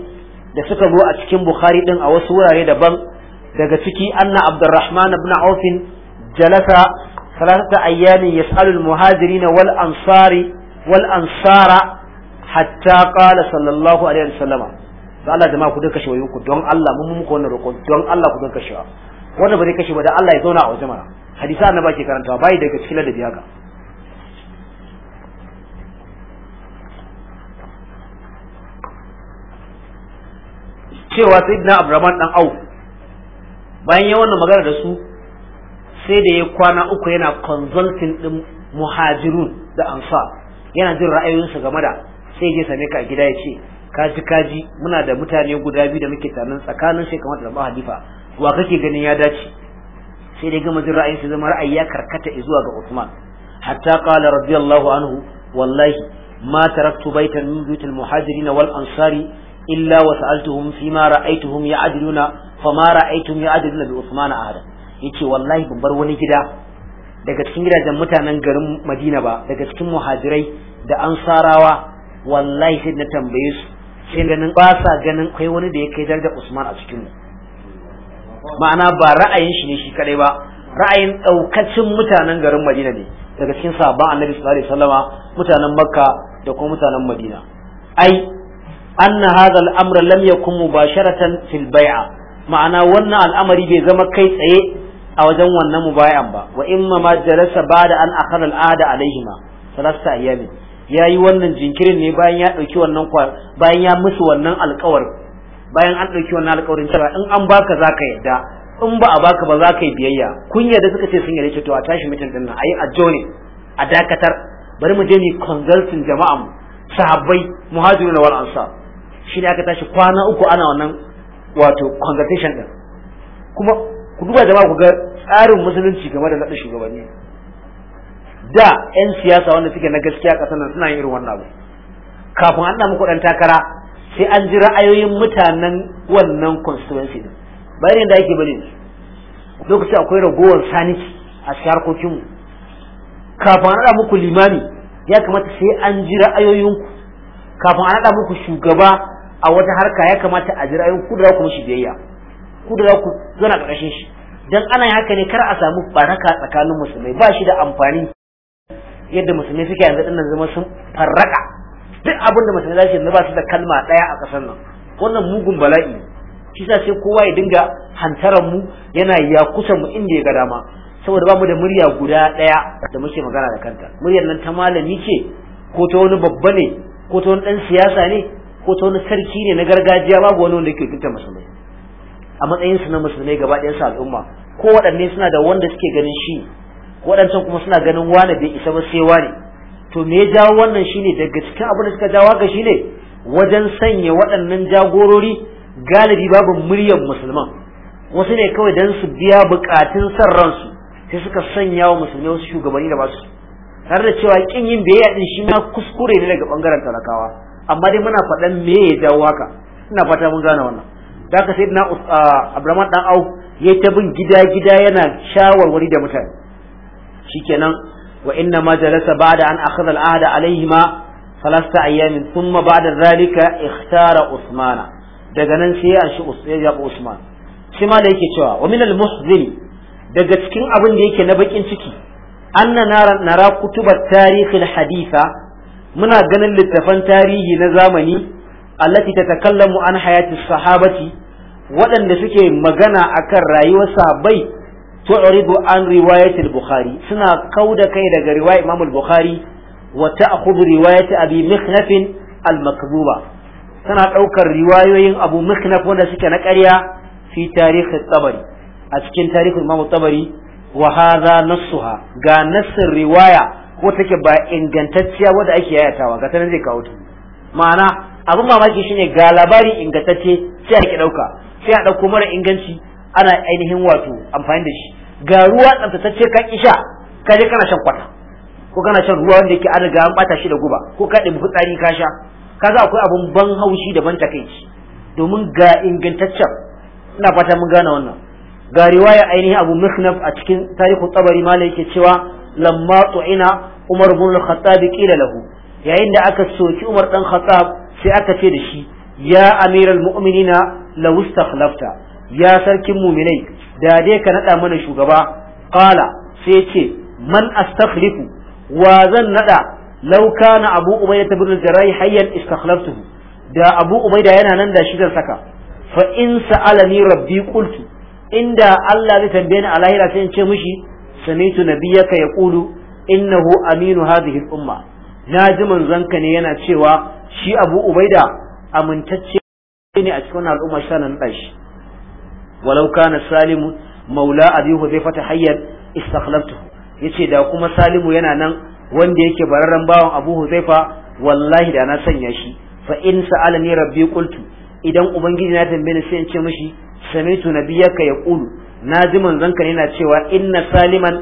da suka zo a cikin bukhari din a wasu wurare daban daga ciki anna abdurrahman ibn auf jalasa thalathata ayyamin yas'alu al-muhajirin wal ansari wal ansara hatta qala sallallahu alaihi wasallam da Allah jama'a ku dinka shawayu ku don Allah mun muku wannan roƙon don Allah ku dinka shawa wanda ba kashe ba da Allah ya zauna a wajen mana hadisi annabi ke karantawa bai daga cikin ladabi haka cewa sai na abraman dan au bayan ya wannan magana da su sai da ya kwana uku yana consulting din muhajirun da ansa yana jin ra'ayoyinsu game da sai je same ka a gida ya ce kaji kaji muna da mutane guda biyu da muke tanan tsakanin sai kamar da mahalifa wa kake ganin ya dace sai dai gama jin ra'ayinsu zama ra'ayi ya karkata zuwa ga Usman hatta qala radiyallahu anhu wallahi ma taraktu baitan min buyutil muhajirin wal ansari illa wa sa'altuhum fima ra'aytuhum ya'diluna fa ma ra'aytum ya'diluna bi Usman ahada yace wallahi ban bar wani gida daga cikin gidajen mutanen garin Madina ba daga cikin muhajirai da ansarawa wallahi sai na tambaye su sai da nan kwasa ganin kai wani da ya kai darajar Usman a cikin mu ma'ana ba ra'ayin shi ne shi kadai ba ra'ayin daukacin mutanen garin Madina ne daga cikin sahabban Annabi sallallahu alaihi wasallama mutanen Makka da kuma mutanen Madina ai anna hadha al-amra lam yakun mubasharatan fil bai'a ma'ana wannan al'amari bai zama kai tsaye a wajen wannan mubayan ba wa imma ma jalasa da an akhara al'ada alaihima salasta ya yi wannan jinkirin ne bayan ya dauki wannan bayan ya musu wannan alƙawarin bayan an dauki wannan alƙawarin cewa in an baka ka yadda in ba a baka ba za ka yi biyayya kun yarda suka ce sun yi ce a tashi mutum din nan ayi a jone a dakatar bari mu je mu consulting jama'an mu sahabbai muhajirun wal ansar shi ne aka tashi kwana uku ana wannan wato consultation din kuma ku duba jama'a ku ga tsarin musulunci game da naɗa shugabanni da 'yan siyasa wanda suke na gaskiya ƙasar nan suna yin irin wannan abu kafin an muku ɗan takara sai an ji ra'ayoyin mutanen wannan constituency din bayan da ake bane lokaci akwai ragowar saniki a cikin harkokinmu kafin an muku limami ya kamata sai an ji ra'ayoyinku kafin an naɗa muku shugaba a wata harka ya kamata a jira ku da ku mishi biyayya ku da ku zana karshen shi dan ana yin haka ne kar a samu baraka tsakanin musulmai ba shi da amfani yadda musulmai suke yanzu dinnan zama sun farraka duk abin da musulmai za su ba su da kalma daya a kasar nan wannan mugun bala'i shi sa sai kowa ya dinga hantaran mu yana ya kusa mu inda ya ga dama saboda ba mu da murya guda daya da muke magana da kanta muryar nan ta malami ce ko ta wani babba ne ko ta wani dan siyasa ne ko ta wani sarki ne na gargajiya babu wani wanda yake tunta musulmai a matsayin su na musulmai gaba ɗayan su al'umma ko waɗanne suna da wanda suke ganin shi waɗancan kuma suna ganin wani bai isa ba sai wani to me ya jawo wannan shine daga cikin abin da suka jawo haka shine wajen sanya waɗannan jagorori galibi babu muryar musulman wasu ne kawai don su biya bukatun san ransu sai suka sanya wa musulmai wasu shugabanni da ba su. tare da cewa kin yin biyayya din shi ma kuskure ne daga bangaren talakawa amma dai muna faɗan me ya jawo haka ina fata mun gane wannan da ka sai na ah, Abdurrahman dan Auf yayi ta bin gida gida yana shawarwari da mutane shikenan wa inna ma jalasa ba'da an akhadha al-ahda alayhima thalatha ayamin thumma ba'da dhalika ikhtara Usmana daga nan sai ya shi ya Usman shi ma da yake cewa wa min al-muhzin daga cikin abin da yake na bakin ciki anna nara nara kutubat tarihi al-haditha muna ganin littafan tarihi na zamani allati tatakallamu an hayati sahabati waɗanda suke magana akan rayuwar sahabbai tu'ridu an riwayatil bukhari suna kauda kai daga riwayar imam al-bukhari wa ta'khudhu riwayat abi al makbuba tana daukar riwayoyin abu mikhnaf wanda suke na ƙarya fi tarikh tabari a cikin tarihin imam tabari wa hadha nassuha ga nassin riwaya ko take ba ingantacciya wadda ake yayatawa ga tanan zai kawo ta ma'ana abin mamaki shine ga labari ingantacce sai a ki dauka sai a dauko mara inganci ana ainihin wato amfani da shi ga ruwa tsaftatacce ka ki sha ka je kana shan kwata ko kana shan ruwa wanda yake an riga an bata shi da guba ko ka dubi fitsari ka sha za akwai abun ban haushi da ban takaici, domin ga ingantaccen ina fata mun gane wannan ga riwaya ainihin abu mihnaf a cikin tarihu tsabari malai yake cewa lamma tu'ina Umar ibn al-Khattab lahu yayin da aka soki Umar dan Khattab sai aka ce da shi ya amiral mu'minina law istakhlafta ya sarkin mu'minai da dai ka nada mana shugaba qala sai ce man astakhlifu wa zan nada law kana Abu Ubayda ibn al-Jarrah hayyan istakhlaftuhu da Abu Ubayda yana nan da shi zan saka fa in sa'alani rabbi qultu inda Allah zai tambaye ni a lahira sai in ce mishi samitu nabiyaka yaqulu innahu aminu hadhihi al-umma naji manzanka ne yana cewa shi Abu Ubaida amintacce ne a cikin al'umma shanan nan dashi walau kana salimu maula abi huzaifa ta hayyar istakhlaftuhu yace da kuma salimu yana nan wanda yake bararren bawan abu huzaifa wallahi da na sanya shi fa in sa'alani rabbi qultu idan ubangiji na tambaye ni sai in ce mishi samitu nabiyaka yaqulu na ji ka yana cewa inna saliman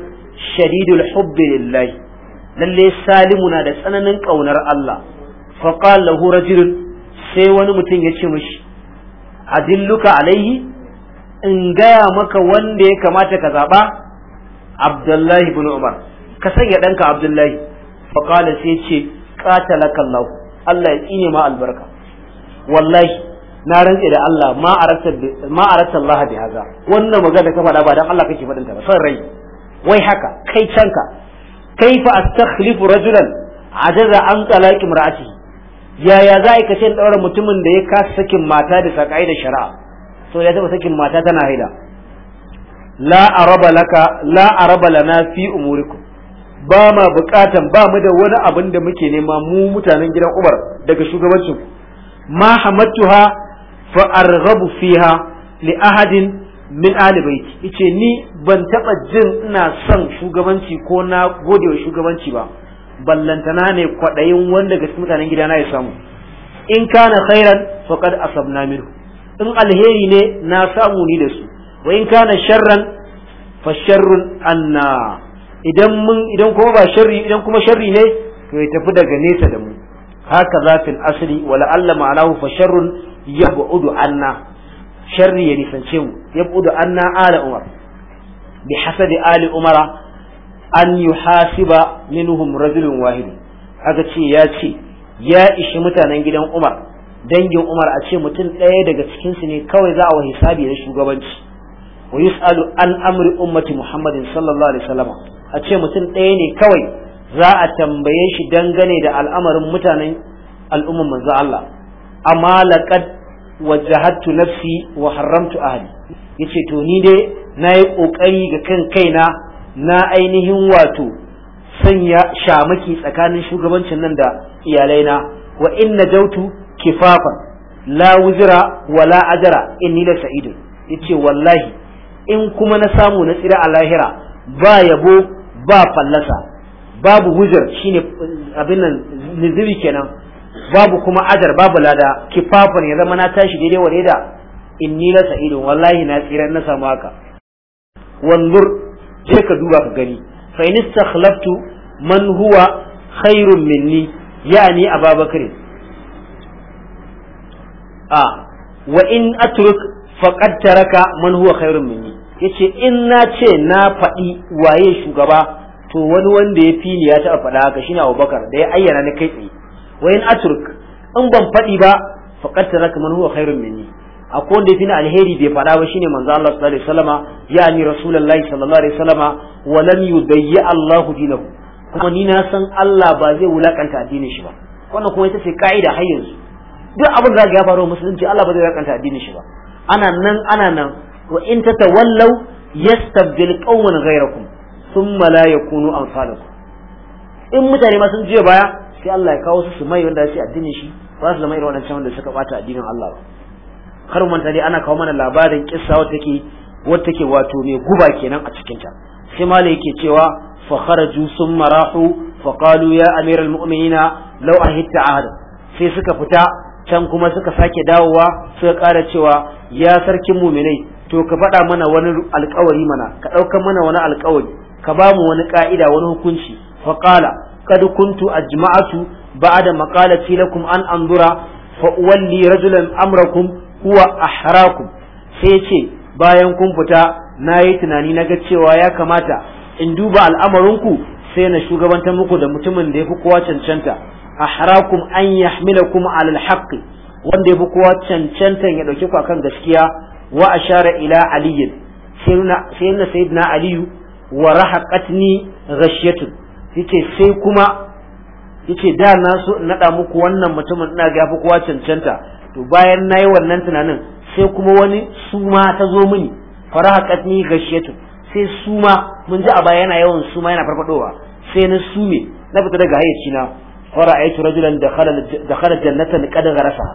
shadidul hubbi lillahi lalle salimu na da tsananin kaunar Allah fa qala lahu sai wani mutum ya ce mishi adilluka alaihi in gaya maka wanda ya kamata ka zaba abdullahi ibn umar ka sanya danka abdullahi fa qala sai ce qatalaka Allah Allah ya tsine ma albarka wallahi na rantse da Allah ma aratta ma Allah bi haza wannan magana da ka fada ba dan Allah kake faɗin ta ba son rai wai haka kai canka kaifa astakhlifu rajulan ajaza an talaqi ya yaya za ka ce daura mutumin da ya kasa sakin mata da sakai da shari'a to ya taba sakin mata tana haida la araba laka la araba lana fi umurikum ba ma bukatan ba mu da wani abin da muke nema mu mutanen gidan Umar daga shugabancin ma hamattuha fa arghabu fiha li ahadin min ahli baiti yace ni ban taba jin ina son shugabanci ko na godewa shugabanci ba ballantana ne kwadayin wanda ga mutanen gidana ya samu in kana khairan faqad asabna minhu in alheri ne na samu ni da su wa in kana sharran fa sharrun anna idan mun idan kuma ba sharri idan kuma sharri ne to ya tafi daga nesa da mu haka zafin fil asli wala ma'anahu fa sharrun yab'udu anna sharri ya nisance mu yab'udu anna ala umar bi hasabi ali umara an yuhasiba minhum rajulun wahid aka ce ya ce ya ishi mutanen gidan umar dangin umar a ce mutum ɗaya daga cikin su ne kawai za a wa hisabi na shugabanci wa yus'alu an amri ummati muhammadin sallallahu alaihi wasallam a ce mutum ɗaya ne kawai za a tambaye shi dangane da al'amarin mutanen al'umman manzo Allah amma laqad wajjahattu nafsi wa haramtu ahli yace to ni dai nayi kokari ga kan kaina na ainihin wato sanya shamaki tsakanin shugabancin nan da iyalaina wa inna jautu kifafa la wuzira wa la ajara inni la sa'idun yace wallahi in kuma na samu na tsira a lahira ba yabo ba fallasa babu wuzir shine abin nan nizibi kenan babu kuma ajar babu lada kifafan ya zama na tashi daidai wa da ni na sa'idun wallahi na tsiran na samu haka wanzur sai ka duba ka gani fa in istakhlaftu man huwa khairun minni yani ababakar a wa in atruk faqad taraka man huwa khairun minni yace in na ce na faɗi waye shugaba to wani wanda ya fi ni ya taɓa faɗa haka shine Abubakar da ya ayyana ni kai tsaye wa in aturk in ban faɗi ba faqad taraka man huwa khairun minni akwai wanda yafi alheri bai fada ba shine manzo Allah sallallahu alaihi wasallama yani rasulullahi sallallahu alaihi wasallama wa lam yudayya Allahu dinahu kuma ni na san Allah ba zai wulakanta addinin shi ba wannan kuma ita ce ka'ida har yanzu duk abin da ya faru musulunci Allah ba zai wulakanta addinin shi ba ana nan ana nan wa in tatawallaw yastabdil qauman ghayrakum thumma la yakunu amsalakum in mutane ma sun je baya sai Allah ya kawo su su mai wanda sai addinin shi ba su zama irin waɗancan wanda suka bata addinin Allah ba kar mu manta ana kawo mana labarin kissa wata take wata take wato mai guba kenan a cikin ta sai malai yake cewa fa kharaju summa rahu fa qalu ya amiral mu'minina law ahitta ahada sai suka fita can kuma suka sake dawowa suka ƙara cewa ya sarkin muminai to ka faɗa mana wani alƙawari mana ka ɗaukar mana wani alƙawari ka ba mu wani ka'ida wani hukunci fa qala قد كنت أجمعت بعد مقالتي لكم أن أنظر فأولي رجلا أمركم هو أحراكم سيتي bayan kun fita na yi tunani na ga cewa ya kamata in duba al'amarinku sai na shugabantar muku da mutumin da ya fi kowa cancanta ahrakum an yahmilakum alal haqqi wanda ya fi kowa cancantan ya ɗauki ku akan gaskiya wa share ila aliyin sai na na aliyu wa rahaqatni ghashiyatun yake sai kuma yake da na so in nada muku wannan mutumin ina ga yafi kowa cancanta to bayan nayi wannan tunanin sai kuma wani suma ta zo mini faraha katni gashiyatu sai suma mun ji a baya yana yawan suma yana farfadowa sai na sume na fita daga hayyaci na fara aitu rajulan da khala jannatan qad gharasa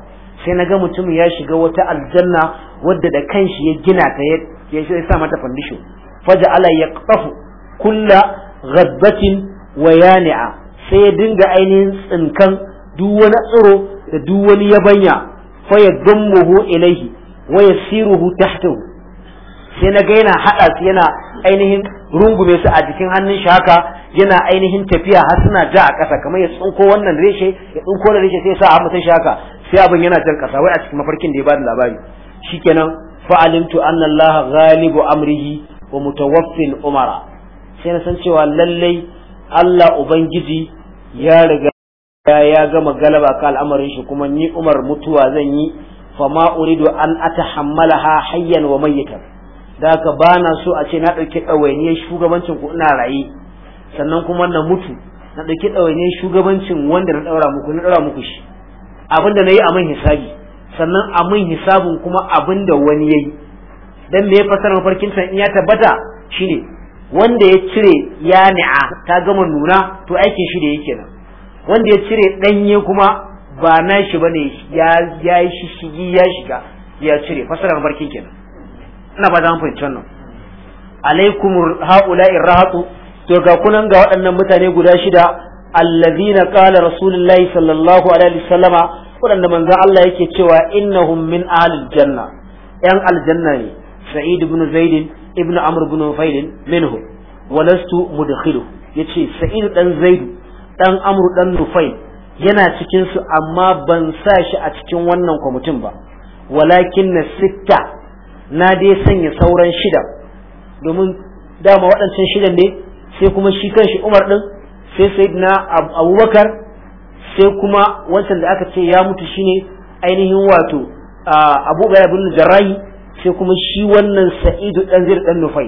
sai na ga mutumin ya shiga wata aljanna wadda da kanshi ya gina ta ya sa mata fandisho faja ala yaqtafu kulla ghadbatin wayani'a sai ya dinga ainihin tsinkan duk wani tsoro da duk wani yabanya fa ya dammuhu ilaihi wa yasiruhu tahtahu sai na ga yana hada su yana ainihin rungume su a jikin hannun shi haka yana ainihin tafiya har suna ja a ƙasa kamar ya tsinko wannan reshe ya tsinko wannan reshe sai ya sa a mutan shi haka sai abin yana jan ƙasa wai a cikin mafarkin da ya bada labari shikenan fa'alimtu anna allaha ghalibu amrihi wa mutawaffin umara sai na san cewa lallai Allah Ubangiji ya riga ya gama galaba ka al'amarin shi kuma ni Umar mutuwa zan yi fama uridu an atahammalaha hayyan wa mayyitan da haka ba na so a ce na ɗauki ɗawainiyar shugabancin ku ina raye sannan kuma na mutu na ɗauki ɗawainiyar shugabancin wanda na ɗaura muku na ɗaura muku shi abin da na yi a man hisabi sannan a man hisabin kuma abin da wani ya yi dan me ya fasara mafarkin san in ya tabbata shine wanda ya cire ya ni'a ta gama nuna to aikin shi da yake nan wanda ya cire danye kuma ba na shi bane ya ya yi shigi ya shiga ya cire fasarar barkin kenan ina ba za mu fahimci wannan alaikum haula'i rahatu to ga kunan ga waɗannan mutane guda shida allazina qala rasulullahi sallallahu alaihi wasallama waɗanda manzon Allah yake cewa innahum min ahlil janna yan aljanna ne sa'id ibn zaid ibn amr ibn nufail minhu walastu mudkhilu yace sa'id dan zaid dan amr dan nufail yana cikin su amma ban sa shi a cikin wannan kwamitin ba walakin na sitta na dai sanya sauran shida domin dama waɗancan shidan ne sai kuma shi kanshi umar din sai na abubakar sai kuma wancan da aka ce ya mutu shine ainihin wato abu bin jarrahi sai kuma shi wannan sa'idu dan zir dan nufai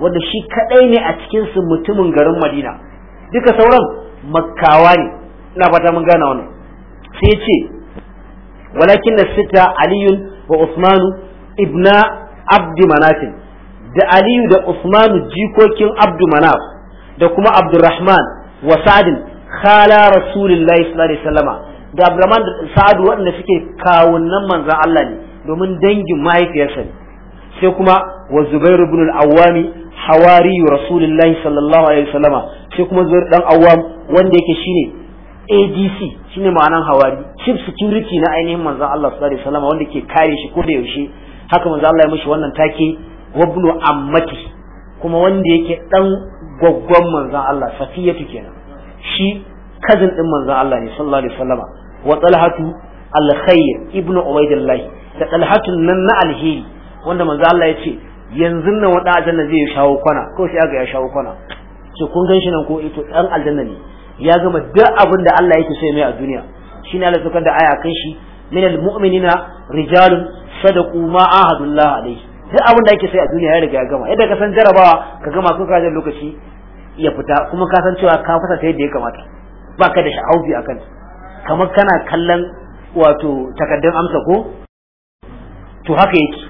wanda shi kadai ne a cikin su mutumin garin madina duka sauran makkawa ne ina fata mun gana wannan sai ce walakin sita aliyun wa usmanu ibna abdi manafin da aliyu da usmanu jikokin abdu manaf da kuma abdurrahman wa sa'adin khala rasulillahi sallallahu alaihi wasallama da abdurrahman da sa'adu waɗanda suke kawunan manzan Allah ne domin dangin mahaifiyarsa ne sai kuma wa Zubair ibn al-Awwami hawari Rasulullahi sallallahu alaihi wasallama sai kuma Zubair dan Awwam wanda yake shine ADC shine ma'anan hawari chief security na ainihin manzon Allah sallallahu alaihi wasallama wanda ke kare shi ko da yaushe haka manzon Allah ya mishi wannan take wabnu ammati kuma wanda yake dan gwaggwan manzon Allah Safiyatu kenan shi cousin din manzon Allah ne sallallahu alaihi wasallama wa Talhatu al-Khair ibnu Ubaidillah da dalhatun nan na alheri wanda manzo Allah ya ce yanzu nan wanda aljanna zai shawo kwana ko sai aga ya shawo kwana to kun gan shi nan ko ito eh, dan aljanna ne ya gama duk abin da Allah yake so mai a duniya shine Allah sokar da aya kan shi min almu'minina rijalun sadaqu ma ahadullah alayhi duk abin da yake sai a duniya ya riga ya gama yadda ka san jarabawa ka gama kun kaje lokaci ya fita kuma ka san cewa ka fasa ta yadda ya kamata baka da sha'awi akan kamar kana kallon wato takaddun amsa ko to haka yake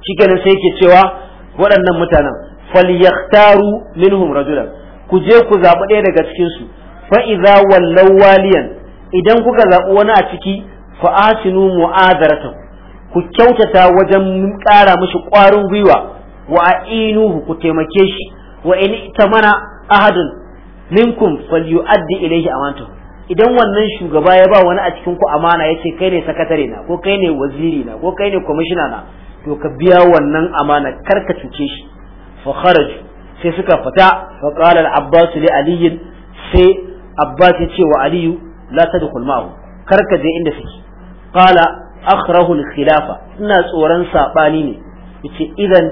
shikenan sai yake cewa waɗannan mutanen falyaktaru minhum rajulan ku je ku zaɓi ɗaya daga cikin su fa idza wallaw waliyan idan kuka zaɓi wani a ciki fa asinu mu'adaratan ku kyautata wajen ƙara mishi ƙwarin gwiwa wa a'inuhu ku taimake shi wa in tamana ahadun minkum falyu'addi ilayhi amantahu idan wannan shugaba ya ba wani a cikin ku amana ya ce kai ne sakatare na ko kai ne waziri na ko kai ne kwamishina na to ka biya wannan amana kar ka cuce shi fa kharaj sai suka fita fa qala al abbas li ali sai abbas ya ce wa aliyu la tadkhul ma'ahu kar ka je inda suke qala akhrahu al khilafa ina tsoron sabani ne yace idan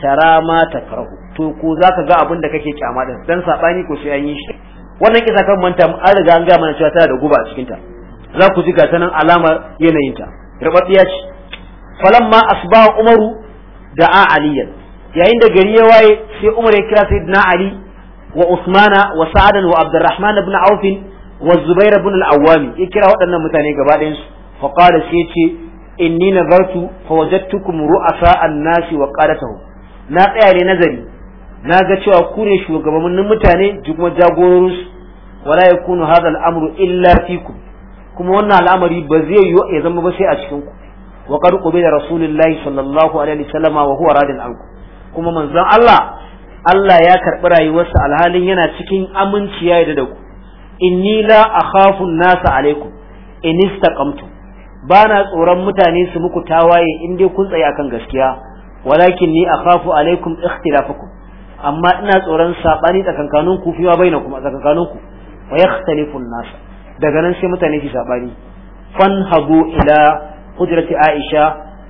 tara ma takrahu to ko zaka ga abin da kake kyama da dan sabani ko sai an yi shi wannan kisa kan manta an riga an gaya mana cewa tana da guba a ta za ku ji gata nan alamar yanayin ta rabatiya ce falamma asba umaru da a aliyan yayin da gari ya waye sai umar ya kira sayyidina ali wa usmana wa sa'adan wa abdurrahman ibn auf wa zubair ibn al-awwam ya kira waɗannan mutane gaba ɗayan su fa qala sai ce inni nazartu fa wajadtukum ru'asa an-nasi wa taho. na tsaya ne nazari na ga cewa ku ne shugabannin mutane ji kuma su wala ya kunu hadha amru illa fikum kuma wannan al'amari ba zai yiwu ya zama ba sai a cikin ku wa qad qubila rasulullahi sallallahu alaihi wasallam wa huwa radin anku kuma manzon Allah Allah ya karbi rayuwarsa alhalin yana cikin aminci ya yarda da ku inni la akhafu an-nasa alaikum in istaqamtu bana tsoron mutane su muku tawaye in dai kun tsaye akan gaskiya walakin ni akhafu alaikum ikhtilafakum amma ina tsoron sabani tsakankanin ku fiwa baina kuma tsakankanin ku wa yakhtalifu nas daga nan sai mutane su sabani hagu ila hujrati aisha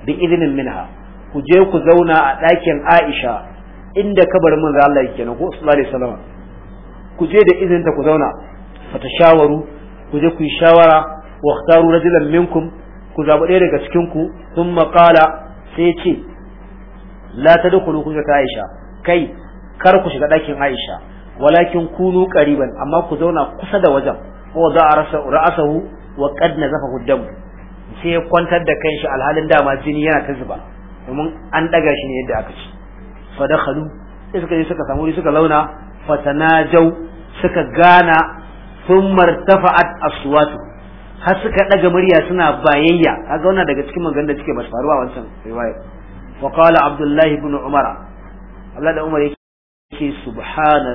bi idnin minha ku je ku zauna a ɗakin aisha inda kabarin manzo Allah yake na ko sallallahu alaihi ku je da ta ku zauna fatashawaru ku je ku yi shawara wa khtaru rajulan minkum ku zabi ɗaya daga cikin ku thumma qala sai ce la tadkhulu hujrata aisha kai kar ku shiga ɗakin Aisha walakin kunu qariban amma ku zauna kusa da wajen wa za a ra'asahu wa qad nazafahu dam sai ya kwantar da kanshi alhalin dama jini yana ta zuba domin an daga shi ne yadda aka ci fa dakhalu sai suka je suka samu wuri suka launa fatanajaw suka gana sun irtafa'at aswatu har suka daga murya suna bayayya kaga wannan daga cikin maganganun da suke basu faruwa wancan riwaya wa qala abdullahi ibn umara Allah da Umar ke subhana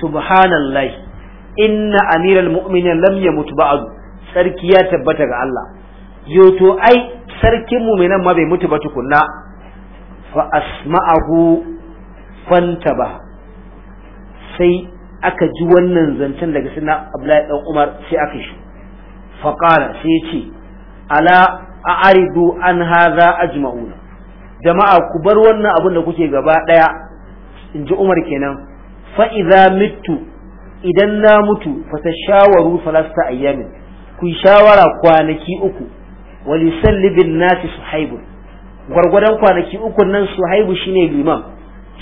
subhanallahi inna amiral mu'minin lam yamut ba'd sarki ya tabbata ga Allah yoto ai sarkin mu'minan ma bai mutu ba tukunna fa asma'ahu ba sai aka ji wannan zancen daga suna Abdullahi dan Umar sai aka shi fa qala sai ya ce ala a'ridu an hadha ajma'una jama'a ku bar wannan abin da kuke gaba ɗaya. in ji umar kenan fa idza idan na mutu fa shawaru salasta ayyamin ku shawara kwanaki uku wali bin nasi suhaibu gwargwadon kwanaki uku nan suhaibu shine liman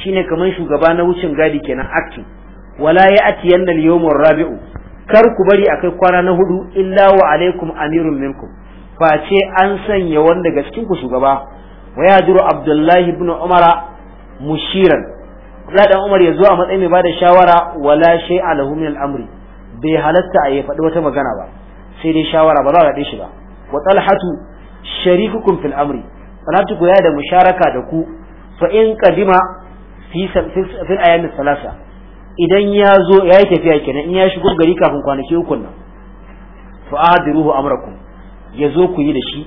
shine kamar shugaba na wucin gadi kenan aktin. wala ya atiyanna al-yawmur rabi'u kar ku bari akai kwana na hudu illa wa alaikum amirun minkum face an sanya wanda ga cikin ku shugaba wa duru abdullahi ibn umara mushiran Abdullahi dan Umar ya zo a matsayin mai bada shawara wala shay alahu min al-amri bai halatta a yi faɗi wata magana ba sai dai shawara ba za a shi ba wa talhatu sharikukum fil amri talhatu ku ya da musharaka da ku fa in qadima fi fil salasa idan ya zo ya yi tafiya kenan in ya shigo gari kafin kwanaki uku nan fa adiruhu amrakum ya zo ku yi da shi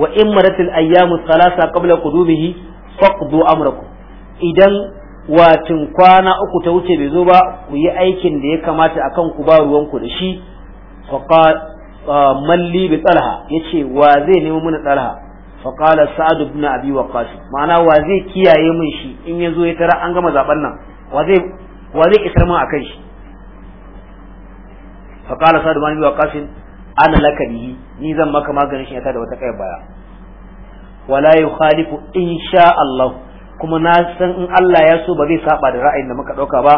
wa in maratil ayyamu salasa qabla qudumihi faqdu amrakum idan watin kwana uku ta wuce bai zo ba ku yi aikin da ya kamata akan ku ba ruwan ku da shi faqa ah, malli bi talha yace wa zai nemi mana talha faqala sa'ad ibn abi waqqas ma'ana wa zai kiyaye mun shi in yazo ya tara an gama zaben nan wa zai wa zai isar mun akan shi faqala sa'ad ibn abi waqqas ana laka bihi ni zan maka maganin shi ta da wata kai baya wala yukhalifu insha Allah kuma na san in Allah ya so ba zai saba da ra'ayin da muka dauka ba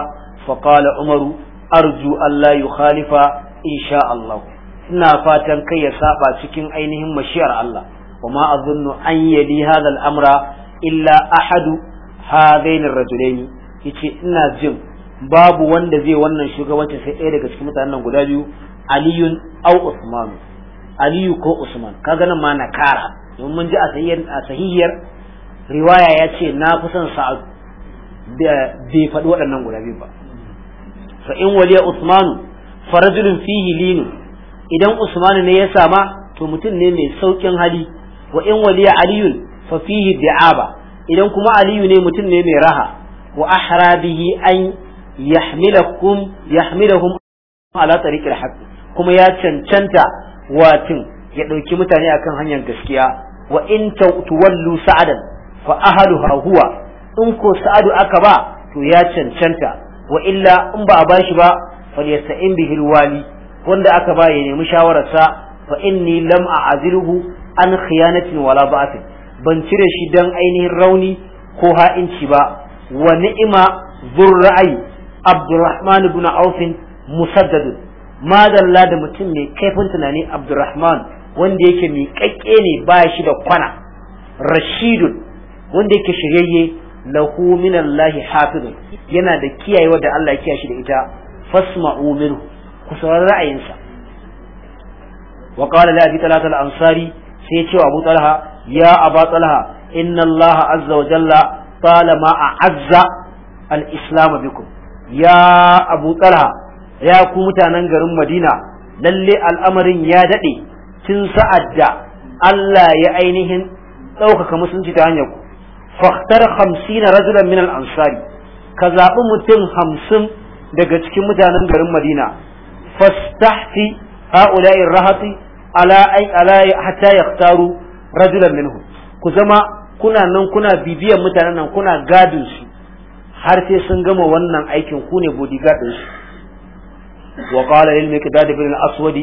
fa qala umaru arju Allah yukhalifa insha Allah ina fatan kai ya saba cikin ainihin mashiyar Allah Kuma ma azunnu an yali hadha al-amra illa ahadu hadain ar-rajulain yace ina jin babu wanda zai wannan shugabanci sai ɗaya daga cikin mutanen guda biyu aliyun au usman aliyu ko usman kaga nan ma nakara domin mun ji a sahihiyar riwaya ya ce na kusan sa'ad bai faɗi waɗannan guda biyu ba fa in waliya usmanu farajulun fihi linu idan usmanu ne ya sama to mutum ne mai saukin hali wa in waliya aliyun fa fihi da'aba idan kuma aliyu ne mutum ne mai raha wa ahra bihi an yahmilakum yahmilahum ala tariqil haqq kuma ya cancanta watin ya ɗauki mutane akan hanyar gaskiya wa in tuwallu sa'adan fa ahadu huwa in ko sa'adu aka ba to ya cancanta wa illa in ba a bashi ba in bihi alwali wanda aka ba ya nemi shawararsa fa inni lam a'zilhu an khiyanatin wala ba'ati ban cire shi dan ainihin rauni ko ha'inci ba wa ni'ima zurra'i Abdurrahman ibn Auf musaddad ma dalla da mutum mai kaifin tunani Abdurrahman wanda yake miƙaƙƙe ne ba shi da kwana rashidun wanda yake shiryayye lahu min hafizun yana da kiyayewa da Allah ya kiyaye shi da ita fasma'u minhu ku saurari ra'ayinsa wa qala la al-ansari sai ya ce wa abu talha ya aba talha inna Allah azza wa jalla talama a'azza al-islam bikum ya abu talha ya ku mutanen garin madina lalle al'amarin ya dade tun sa'ad da Allah ya ainihin ɗaukaka musulunci ta hanyar ku fahtar hamsina rajulan min al-ansari ka zaɓi mutum hamsin daga cikin mutanen garin madina fastahti ha'ula'i rahati ala ala hatta yaktaru rajulan minhu ku zama kuna nan kuna bibiyan mutanen nan kuna gadin su har sai sun gama wannan aikin ku ne bodyguard din su wa qala lil miqdad ibn al-aswad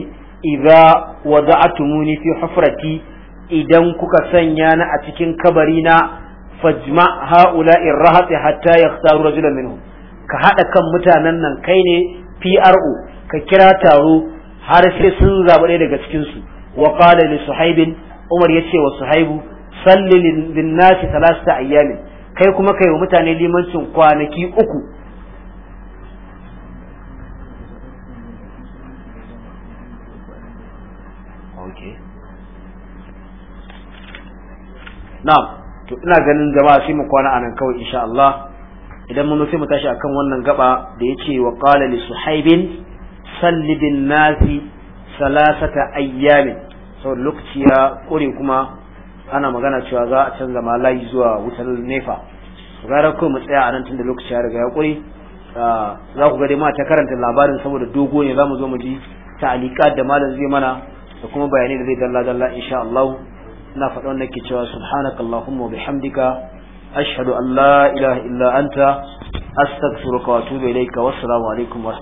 wada'tumuni fi hufrati idan kuka sanya ni a cikin kabari na fajma ha'ula'in rahati hatta yakhtaru rajulan minhum ka hada kan mutanen nan kai ne PRO ka kira taro har sai sun zaba ɗaya daga cikin su wa qala li suhaibin umar yace wa suhaibu salli lin nasi thalathata ayyamin kai kuma kai wa mutane limancin kwanaki uku okay na'am to ina ganin jama'a sai mu kwana anan kawai insha Allah idan mun sai mu tashi akan wannan gaba da yace wa qala li suhaibin bin nasi salasata ayyamin so lokaci ya kore kuma ana magana cewa za a canza ma zuwa wutar nefa gara kawai mu tsaya a nan tunda lokaci ya riga ya kore ah, za ku ga dai ma ta karanta labarin saboda dogo ne za mu zo mu ji ta'alikat da malam zai mana da kuma bayanai da zai dalla dalla insha Allah ina faɗa wannan ke cewa subhanaka allahumma wa bihamdika ashhadu an la ilaha illa anta astaghfiruka wa atubu ilayka wassalamu alaikum wa